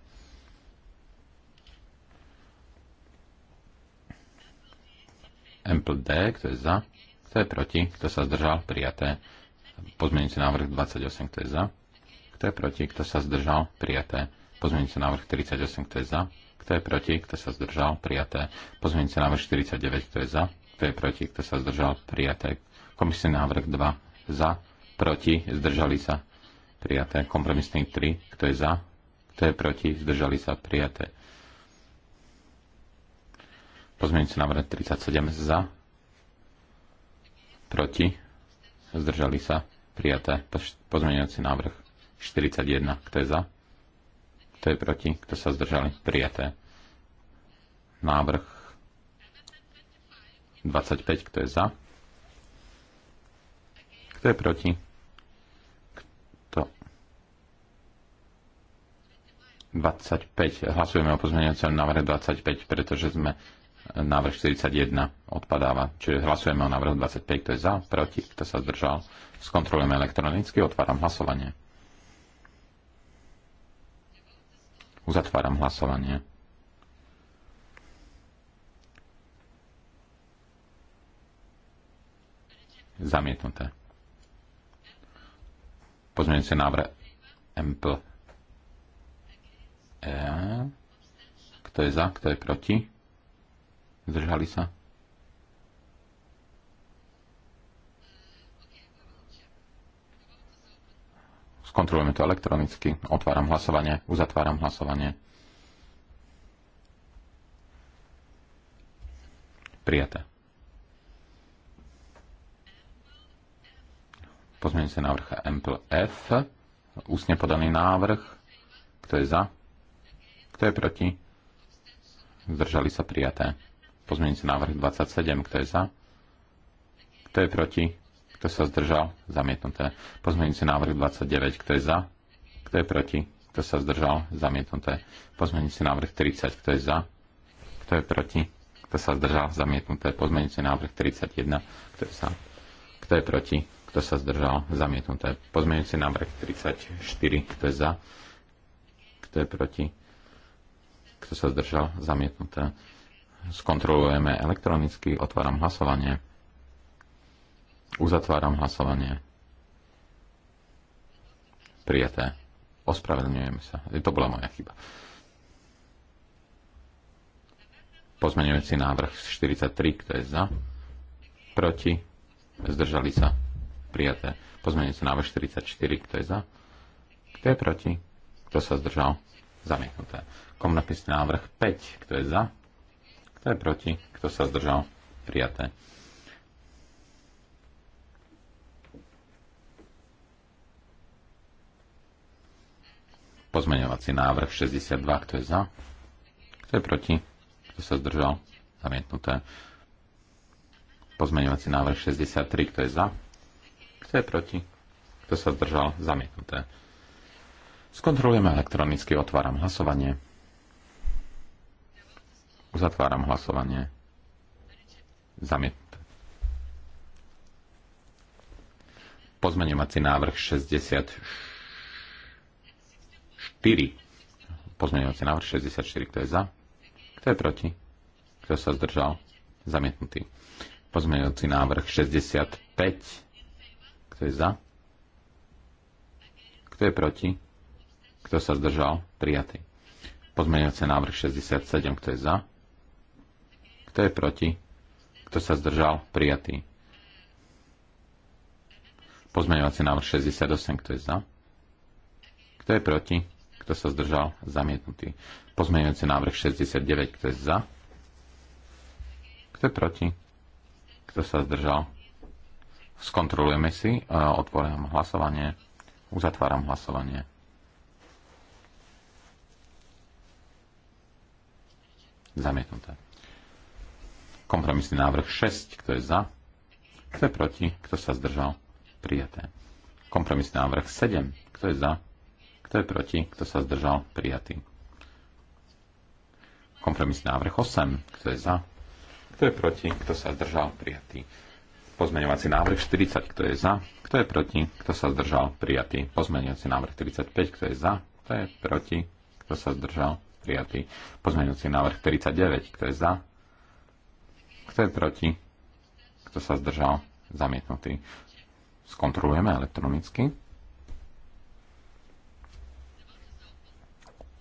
Empl D, kto je za? Kto je proti? Kto sa zdržal? Prijaté. Pozmeňujúci návrh 28, kto je za. Kto je proti, kto sa zdržal, prijaté. Pozmeňujúci návrh 38, kto je za. Kto je proti, kto sa zdržal, prijaté. Pozmeňujúci návrh 49, kto je za. Kto je proti, kto sa zdržal, prijaté. Komisný návrh 2, za. Proti, zdržali sa, prijaté. Kompromisný 3, kto je za. Kto je proti, zdržali sa, prijaté. Pozmeňujúci návrh 37, za. Proti, zdržali sa, prijaté. Pozmeňujúci návrh 41, kto je za, kto je proti, kto sa zdržali, prijaté. Návrh 25, kto je za, kto je proti, kto 25. Hlasujeme o pozmeňujúcom návrhu 25, pretože sme Návrh 41 odpadáva. Čiže hlasujeme o návrhu 25, kto je za, proti, kto sa zdržal. Skontrolujeme elektronicky, otváram hlasovanie. Uzatváram hlasovanie. Zamietnuté. si návrh MP. E. Kto je za, kto je proti? Zdržali sa? Skontrolujeme to elektronicky. Otváram hlasovanie, uzatváram hlasovanie. Prijaté. Pozmením sa návrh MPL F. Úsne podaný návrh. Kto je za? Kto je proti? Zdržali sa prijaté pozmeňujúci návrh 27. Kto je za? Kto je proti? Kto sa zdržal? Zamietnuté. Pozmeňujúci návrh 29. Kto je za? Kto je proti? Kto sa zdržal? Zamietnuté. Pozmeňujúci návrh 30. Kto je za? Kto je proti? Kto sa zdržal? Zamietnuté. Pozmeňujúci návrh 31. Kto je za? Kto je proti? Kto sa zdržal? Zamietnuté. Pozmeňujúci návrh 34. Kto je za? Kto je proti? Kto sa zdržal? Zamietnuté. Skontrolujeme elektronicky, otváram hlasovanie. Uzatváram hlasovanie. Prijaté. Ospravedlňujem sa. To bola moja chyba. Pozmeňujúci návrh 43, kto je za? Proti? Zdržali sa? Prijaté. Pozmeňujúci návrh 44, kto je za? Kto je proti? Kto sa zdržal? Zamietnuté. Kompromisný návrh 5, kto je za? Kto je proti? Kto sa zdržal? Prijaté. Pozmeňovací návrh 62. Kto je za? Kto je proti? Kto sa zdržal? Zamietnuté. Pozmeňovací návrh 63. Kto je za? Kto je proti? Kto sa zdržal? Zamietnuté. Skontrolujeme elektronicky. Otváram hlasovanie. Uzatváram hlasovanie. Zamiet. Pozmeňovací návrh 64. Pozmeňovací návrh 64. Kto je za? Kto je proti? Kto sa zdržal? Zamietnutý. Pozmeňovací návrh 65. Kto je za? Kto je proti? Kto sa zdržal? Prijatý. Pozmeňovací návrh 67. Kto je za? Kto je proti? Kto sa zdržal? Prijatý. Pozmeňovací návrh 68. Kto je za? Kto je proti? Kto sa zdržal? Zamietnutý. Pozmeňovací návrh 69. Kto je za? Kto je proti? Kto sa zdržal? Skontrolujeme si. E, otvorím hlasovanie. Uzatváram hlasovanie. Zamietnuté. Kompromisný návrh 6, kto je za, kto je proti, kto sa zdržal, prijaté. Kompromisný návrh 7, kto je za, kto je proti, kto sa zdržal, prijatý. Kompromisný návrh 8, kto je za, kto je proti, kto sa zdržal, prijatý. Pozmeňovací návrh 40, kto je za, kto je proti, kto sa zdržal, prijatý. Pozmeňovací návrh 35, kto je za, kto je proti, kto sa zdržal, prijatý. Pozmeňovací návrh 39, kto je za, kto je proti? Kto sa zdržal? Zamietnutý. Skontrolujeme elektronicky.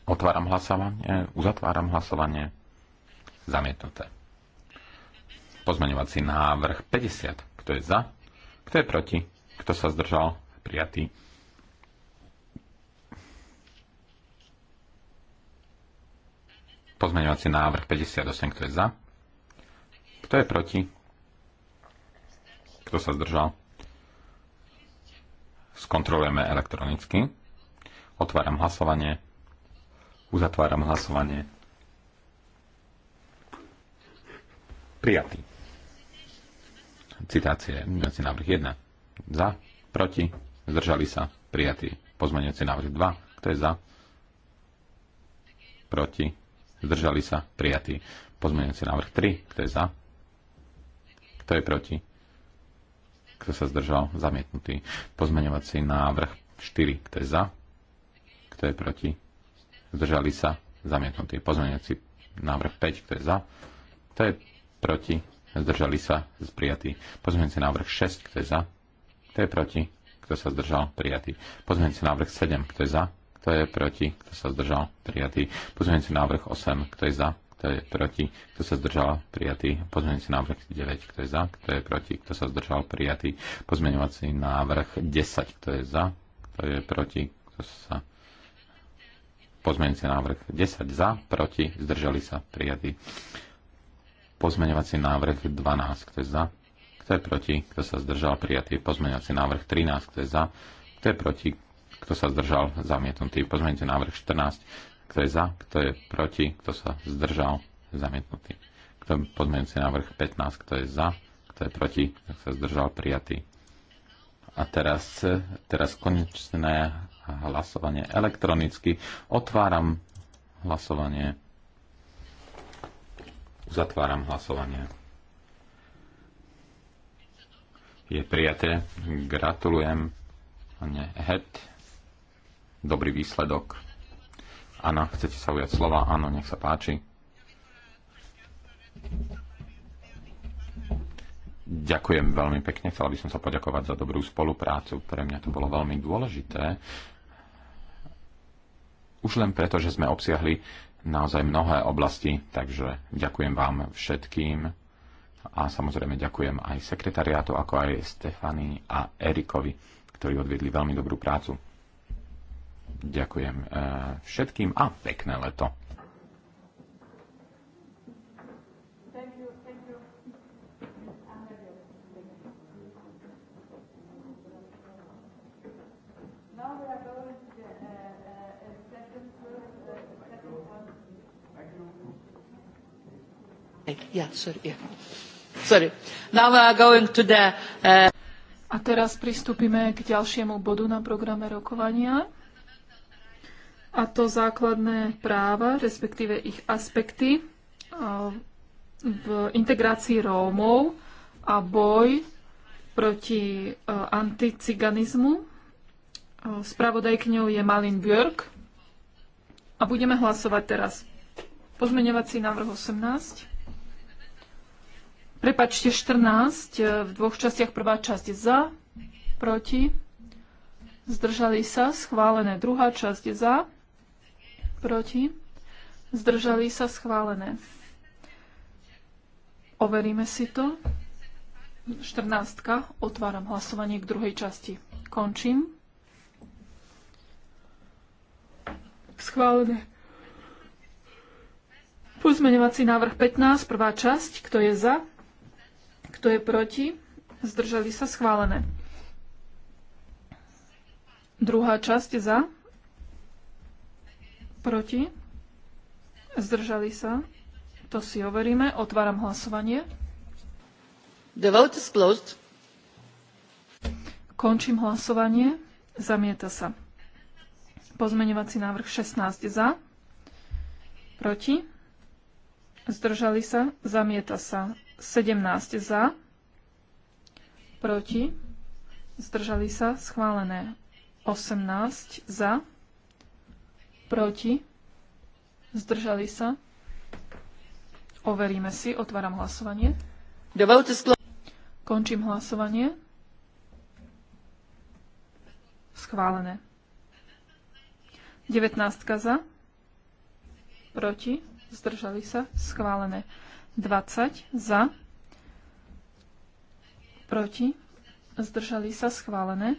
Otváram hlasovanie, uzatváram hlasovanie. Zamietnuté. Pozmeňovací návrh 50. Kto je za? Kto je proti? Kto sa zdržal? Prijatý. Pozmeňovací návrh 58. Kto je za? Kto je proti? Kto sa zdržal? Skontrolujeme elektronicky. Otváram hlasovanie. Uzatváram hlasovanie. Prijatý. Citácie. Pozmeňujúci návrh 1. Za. Proti. Zdržali sa. Prijatý. Pozmeňujúci návrh 2. Kto je za? Proti. Zdržali sa. Prijatý. Pozmeňujúci návrh 3. Kto je za? Kto je proti? Kto sa zdržal? Zamietnutý. Pozmeňovací návrh 4. Kto je za? Kto je proti? Zdržali sa? Zamietnutý. Pozmeňovací návrh 5. Kto je za? Kto je proti? Zdržali sa? Prijatý. Pozmeňovací návrh 6. Kto je za? Kto je proti? Kto sa zdržal? Prijatý. Pozmeňovací návrh 7. Kto je za? Kto je proti? Kto sa zdržal? Prijatý. Pozmeňovací návrh 8. Kto je za? kto je proti, kto sa zdržal, prijatý pozmeňovací návrh 9, kto je za, kto je proti, kto sa zdržal, prijatý pozmeňovací návrh 10, kto je za, kto je proti, kto sa pozmeňovací návrh 10 za, proti, zdržali sa, prijatý pozmeňovací návrh 12, kto je za, kto je proti, kto sa zdržal, prijatý pozmeňovací návrh 13, kto je za, kto je proti, kto sa zdržal, zamietnutý pozmeňovací návrh 14, kto je za, kto je proti, kto sa zdržal, zamietnutý. Kto je pozmeňujúci návrh 15, kto je za, kto je proti, kto sa zdržal, prijatý. A teraz, teraz konečné hlasovanie elektronicky. Otváram hlasovanie. Uzatváram hlasovanie. Je prijaté. Gratulujem, pane Het. Dobrý výsledok. Áno, chcete sa ujať slova? Áno, nech sa páči. Ďakujem veľmi pekne. Chcela by som sa poďakovať za dobrú spoluprácu. Pre mňa to bolo veľmi dôležité. Už len preto, že sme obsiahli naozaj mnohé oblasti, takže ďakujem vám všetkým a samozrejme ďakujem aj sekretariátu, ako aj Stefani a Erikovi, ktorí odvedli veľmi dobrú prácu. Ďakujem e, všetkým a pekné leto. Uh, a teraz pristúpime k ďalšiemu bodu na programe rokovania a to základné práva, respektíve ich aspekty v integrácii Rómov a boj proti anticiganizmu. Spravodajkňou je Malin Björk a budeme hlasovať teraz. Pozmeňovací návrh 18. Prepačte, 14 v dvoch častiach. Prvá časť za, proti, zdržali sa, schválené. Druhá časť za, Proti? Zdržali sa schválené. Overíme si to. 14. Otváram hlasovanie k druhej časti. Končím. Schválené. Pozmeňovací návrh 15, prvá časť. Kto je za? Kto je proti? Zdržali sa schválené. Druhá časť za. Proti? Zdržali sa? To si overíme. Otváram hlasovanie. The vote is closed. Končím hlasovanie. Zamieta sa. Pozmeňovací návrh 16 za. Proti? Zdržali sa? Zamieta sa. 17 za. Proti? Zdržali sa? Schválené. 18 za Proti? Zdržali sa? Overíme si. Otváram hlasovanie. Končím hlasovanie. Schválené. 19 za. Proti? Zdržali sa? Schválené. 20 za. Proti? Zdržali sa? Schválené.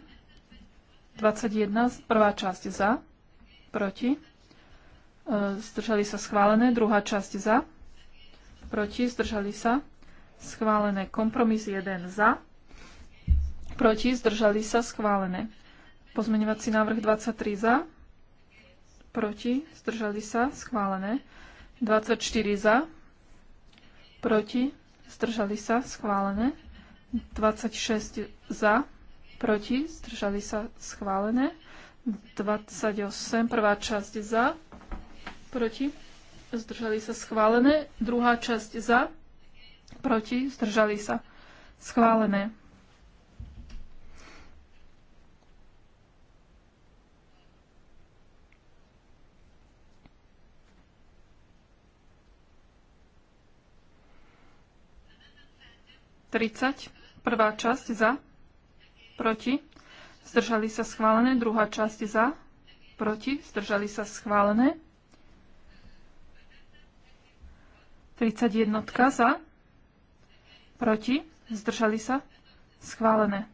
21, prvá časť za proti, e, zdržali sa schválené, druhá časť za, proti, zdržali sa schválené, kompromis 1 za, proti, zdržali sa schválené. Pozmeňovací návrh 23 za, proti, zdržali sa schválené, 24 za, proti, zdržali sa schválené, 26 za, proti, zdržali sa schválené, 28, prvá časť za, proti, zdržali sa schválené, druhá časť za, proti, zdržali sa schválené. Tridsať, prvá časť za, proti, zdržali sa schválené. Druhá časť za, proti, zdržali sa schválené. 31 za, proti, zdržali sa schválené.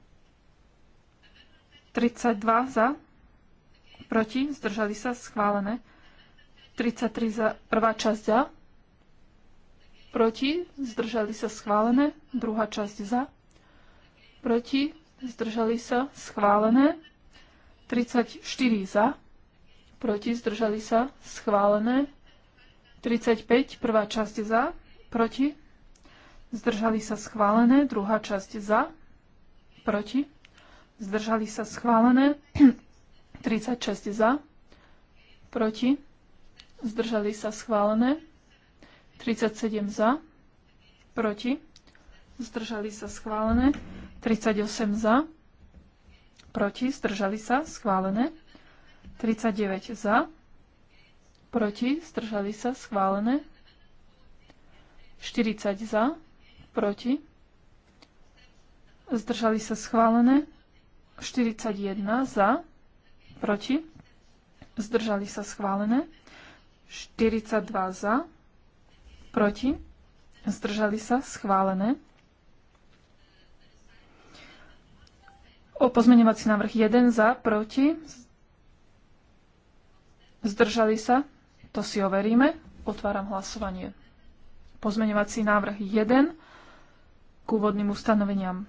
32 za, proti, zdržali sa schválené. 33 za, prvá časť za, proti, zdržali sa schválené, druhá časť za, proti, zdržali sa, schválené. 34 za, proti, zdržali sa, schválené. 35, prvá časť za, proti, zdržali sa, schválené. Druhá časť za, proti, zdržali sa, schválené. 36 za, proti, zdržali sa, schválené. 37 za, proti, zdržali sa, schválené. 38 za, proti, zdržali sa, schválené. 39 za, proti, zdržali sa, schválené. 40 za, proti, zdržali sa, schválené. 41 za, proti, zdržali sa, schválené. 42 za, proti, zdržali sa, schválené. O pozmeňovací návrh 1 za, proti. Zdržali sa. To si overíme. Otváram hlasovanie. Pozmeňovací návrh 1 k úvodným ustanoveniam.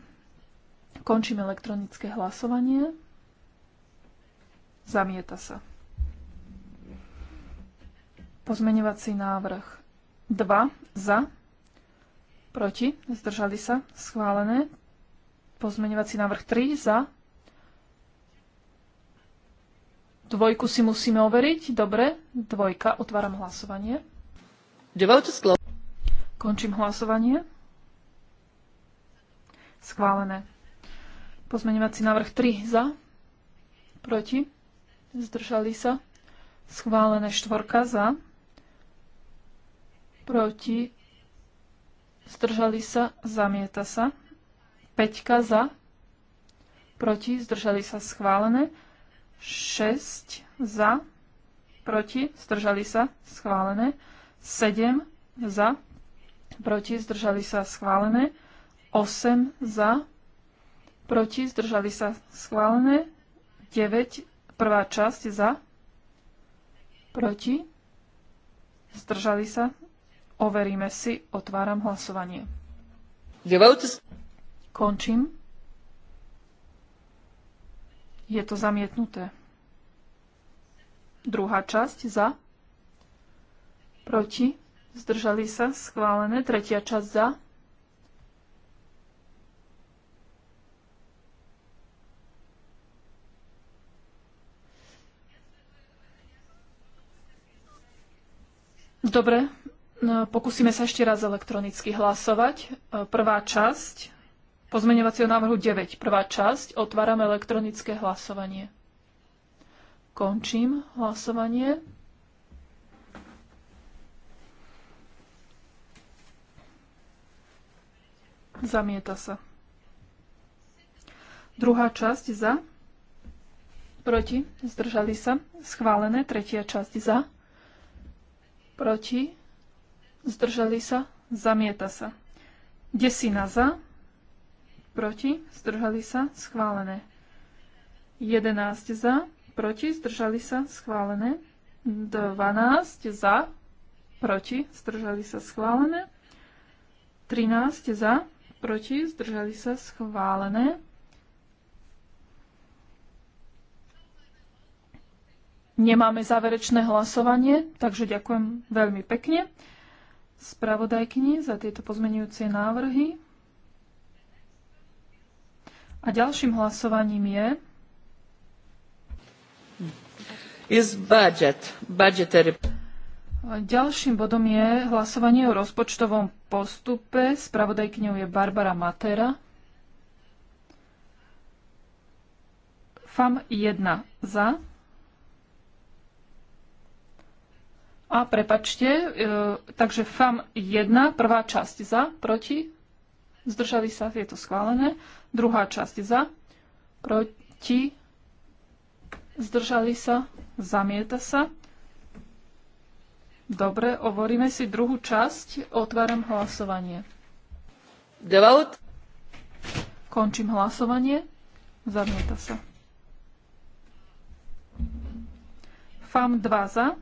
Končím elektronické hlasovanie. Zamieta sa. Pozmeňovací návrh 2 za, proti, zdržali sa, schválené. Pozmeňovací návrh 3 za. Dvojku si musíme overiť. Dobre, dvojka. Otváram hlasovanie. Končím hlasovanie. Schválené. Pozmeňovací návrh 3 za. Proti. Zdržali sa. Schválené štvorka za. Proti. Zdržali sa. Zamieta sa. 5 za, proti, zdržali sa schválené. 6 za, proti, zdržali sa schválené. 7 za, proti, zdržali sa schválené. 8 za, proti, zdržali sa schválené. 9, prvá časť za, proti, zdržali sa. Overíme si, otváram hlasovanie. Končím. Je to zamietnuté. Druhá časť za. Proti. Zdržali sa. Schválené. Tretia časť za. Dobre, no, pokúsime sa ešte raz elektronicky hlasovať. Prvá časť Pozmeňovacieho návrhu 9. Prvá časť. Otváram elektronické hlasovanie. Končím hlasovanie. Zamieta sa. Druhá časť za. Proti. Zdržali sa. Schválené. Tretia časť za. Proti. Zdržali sa. Zamieta sa. Desina za proti, zdržali sa, schválené. 11 za, proti, zdržali sa, schválené. 12 za, proti, zdržali sa, schválené. 13 za, proti, zdržali sa, schválené. Nemáme záverečné hlasovanie, takže ďakujem veľmi pekne spravodajkyni za tieto pozmenujúce návrhy. A ďalším hlasovaním je is budget, budgetary. Ďalším bodom je hlasovanie o rozpočtovom postupe. Spravodajkňou je Barbara Matera. FAM 1 za. A prepačte, e, takže FAM 1, prvá časť za, proti. Zdržali sa, je to schválené. Druhá časť za, proti, zdržali sa, zamieta sa. Dobre, hovoríme si druhú časť. Otváram hlasovanie. Devout. Končím hlasovanie. Zamieta sa. FAM 2 za.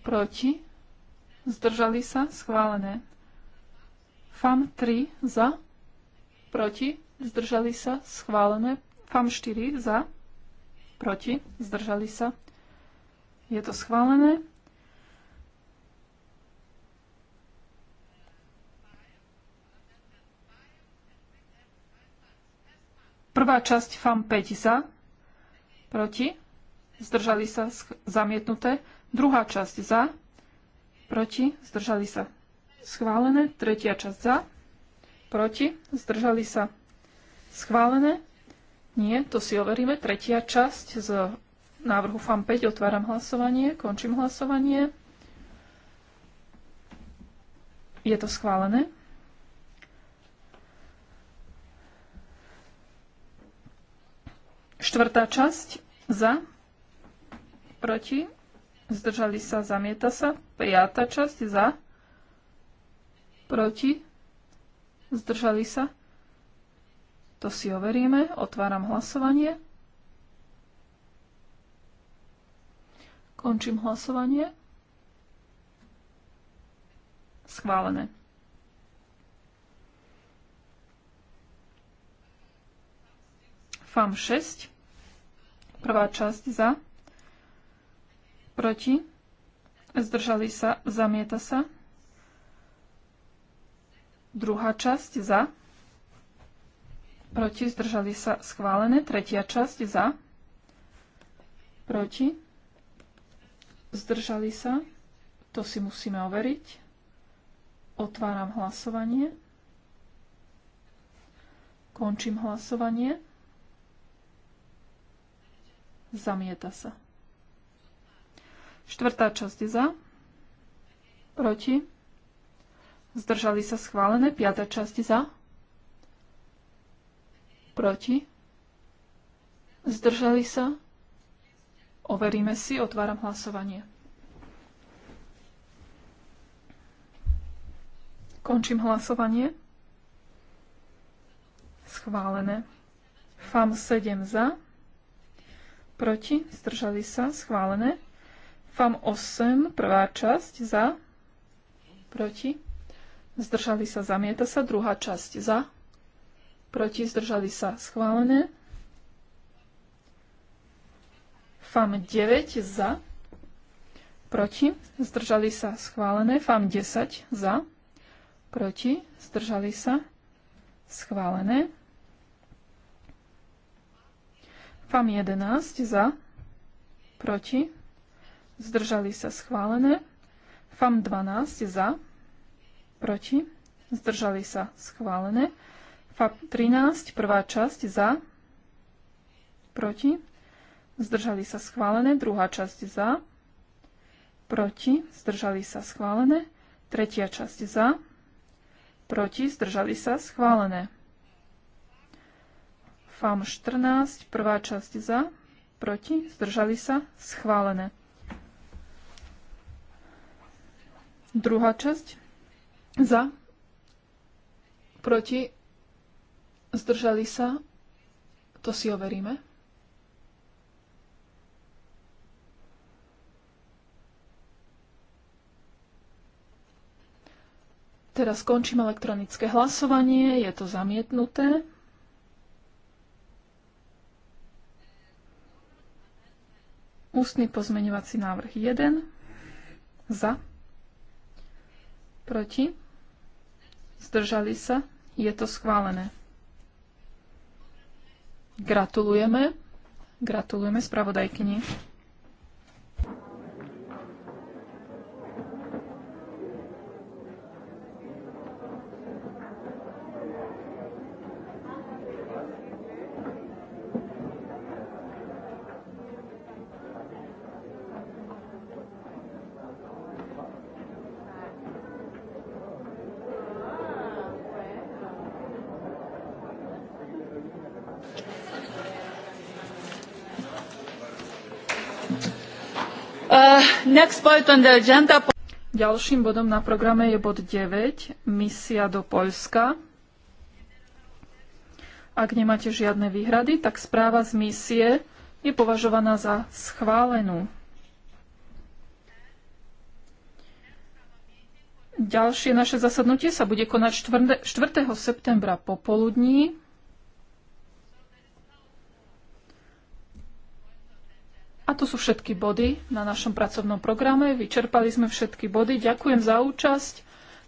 Proti. Zdržali sa. Schválené. FAM 3 za proti, zdržali sa, schválené. FAM 4 za, proti, zdržali sa. Je to schválené. Prvá časť FAM 5 za, proti, zdržali sa zamietnuté. Druhá časť za, proti, zdržali sa schválené. Tretia časť za, Proti? Zdržali sa? Schválené? Nie, to si overíme. Tretia časť z návrhu FAM 5. Otváram hlasovanie, končím hlasovanie. Je to schválené. Štvrtá časť za, proti, zdržali sa, zamieta sa. Piatá časť za, proti, Zdržali sa? To si overíme. Otváram hlasovanie. Končím hlasovanie. Schválené. FAM 6. Prvá časť za. Proti. Zdržali sa. Zamieta sa. Druhá časť za. Proti zdržali sa schválené. Tretia časť za. Proti. Zdržali sa. To si musíme overiť. Otváram hlasovanie. Končím hlasovanie. Zamieta sa. Štvrtá časť za. Proti. Zdržali sa schválené. 5 časť za. Proti. Zdržali sa. Overíme si. Otváram hlasovanie. Končím hlasovanie. Schválené. FAM 7 za. Proti. Zdržali sa. Schválené. FAM 8, prvá časť za. Proti zdržali sa, zamieta sa. Druhá časť za, proti, zdržali sa, schválené. FAM 9 za, proti, zdržali sa, schválené. FAM 10 za, proti, zdržali sa, schválené. FAM 11 za, proti, zdržali sa schválené. FAM 12 za, proti, zdržali sa schválené. FAP 13, prvá časť za, proti, zdržali sa schválené, druhá časť za, proti, zdržali sa schválené, tretia časť za, proti, zdržali sa schválené. FAM 14, prvá časť za, proti, zdržali sa, schválené. Druhá časť za. Proti. Zdržali sa. To si overíme. Teraz skončím elektronické hlasovanie. Je to zamietnuté. Ústny pozmeňovací návrh 1. Za. Proti. Zdržali sa? Je to schválené. Gratulujeme. Gratulujeme spravodajkyni. Agenda... Ďalším bodom na programe je bod 9, misia do Poľska. Ak nemáte žiadne výhrady, tak správa z misie je považovaná za schválenú. Ďalšie naše zasadnutie sa bude konať 4. septembra popoludní A to sú všetky body na našom pracovnom programe. Vyčerpali sme všetky body. Ďakujem za účasť.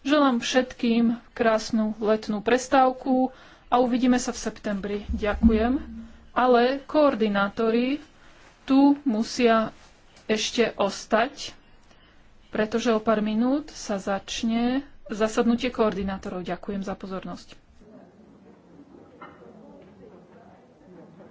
Želám všetkým krásnu letnú prestávku a uvidíme sa v septembri. Ďakujem. Ale koordinátori tu musia ešte ostať, pretože o pár minút sa začne zasadnutie koordinátorov. Ďakujem za pozornosť.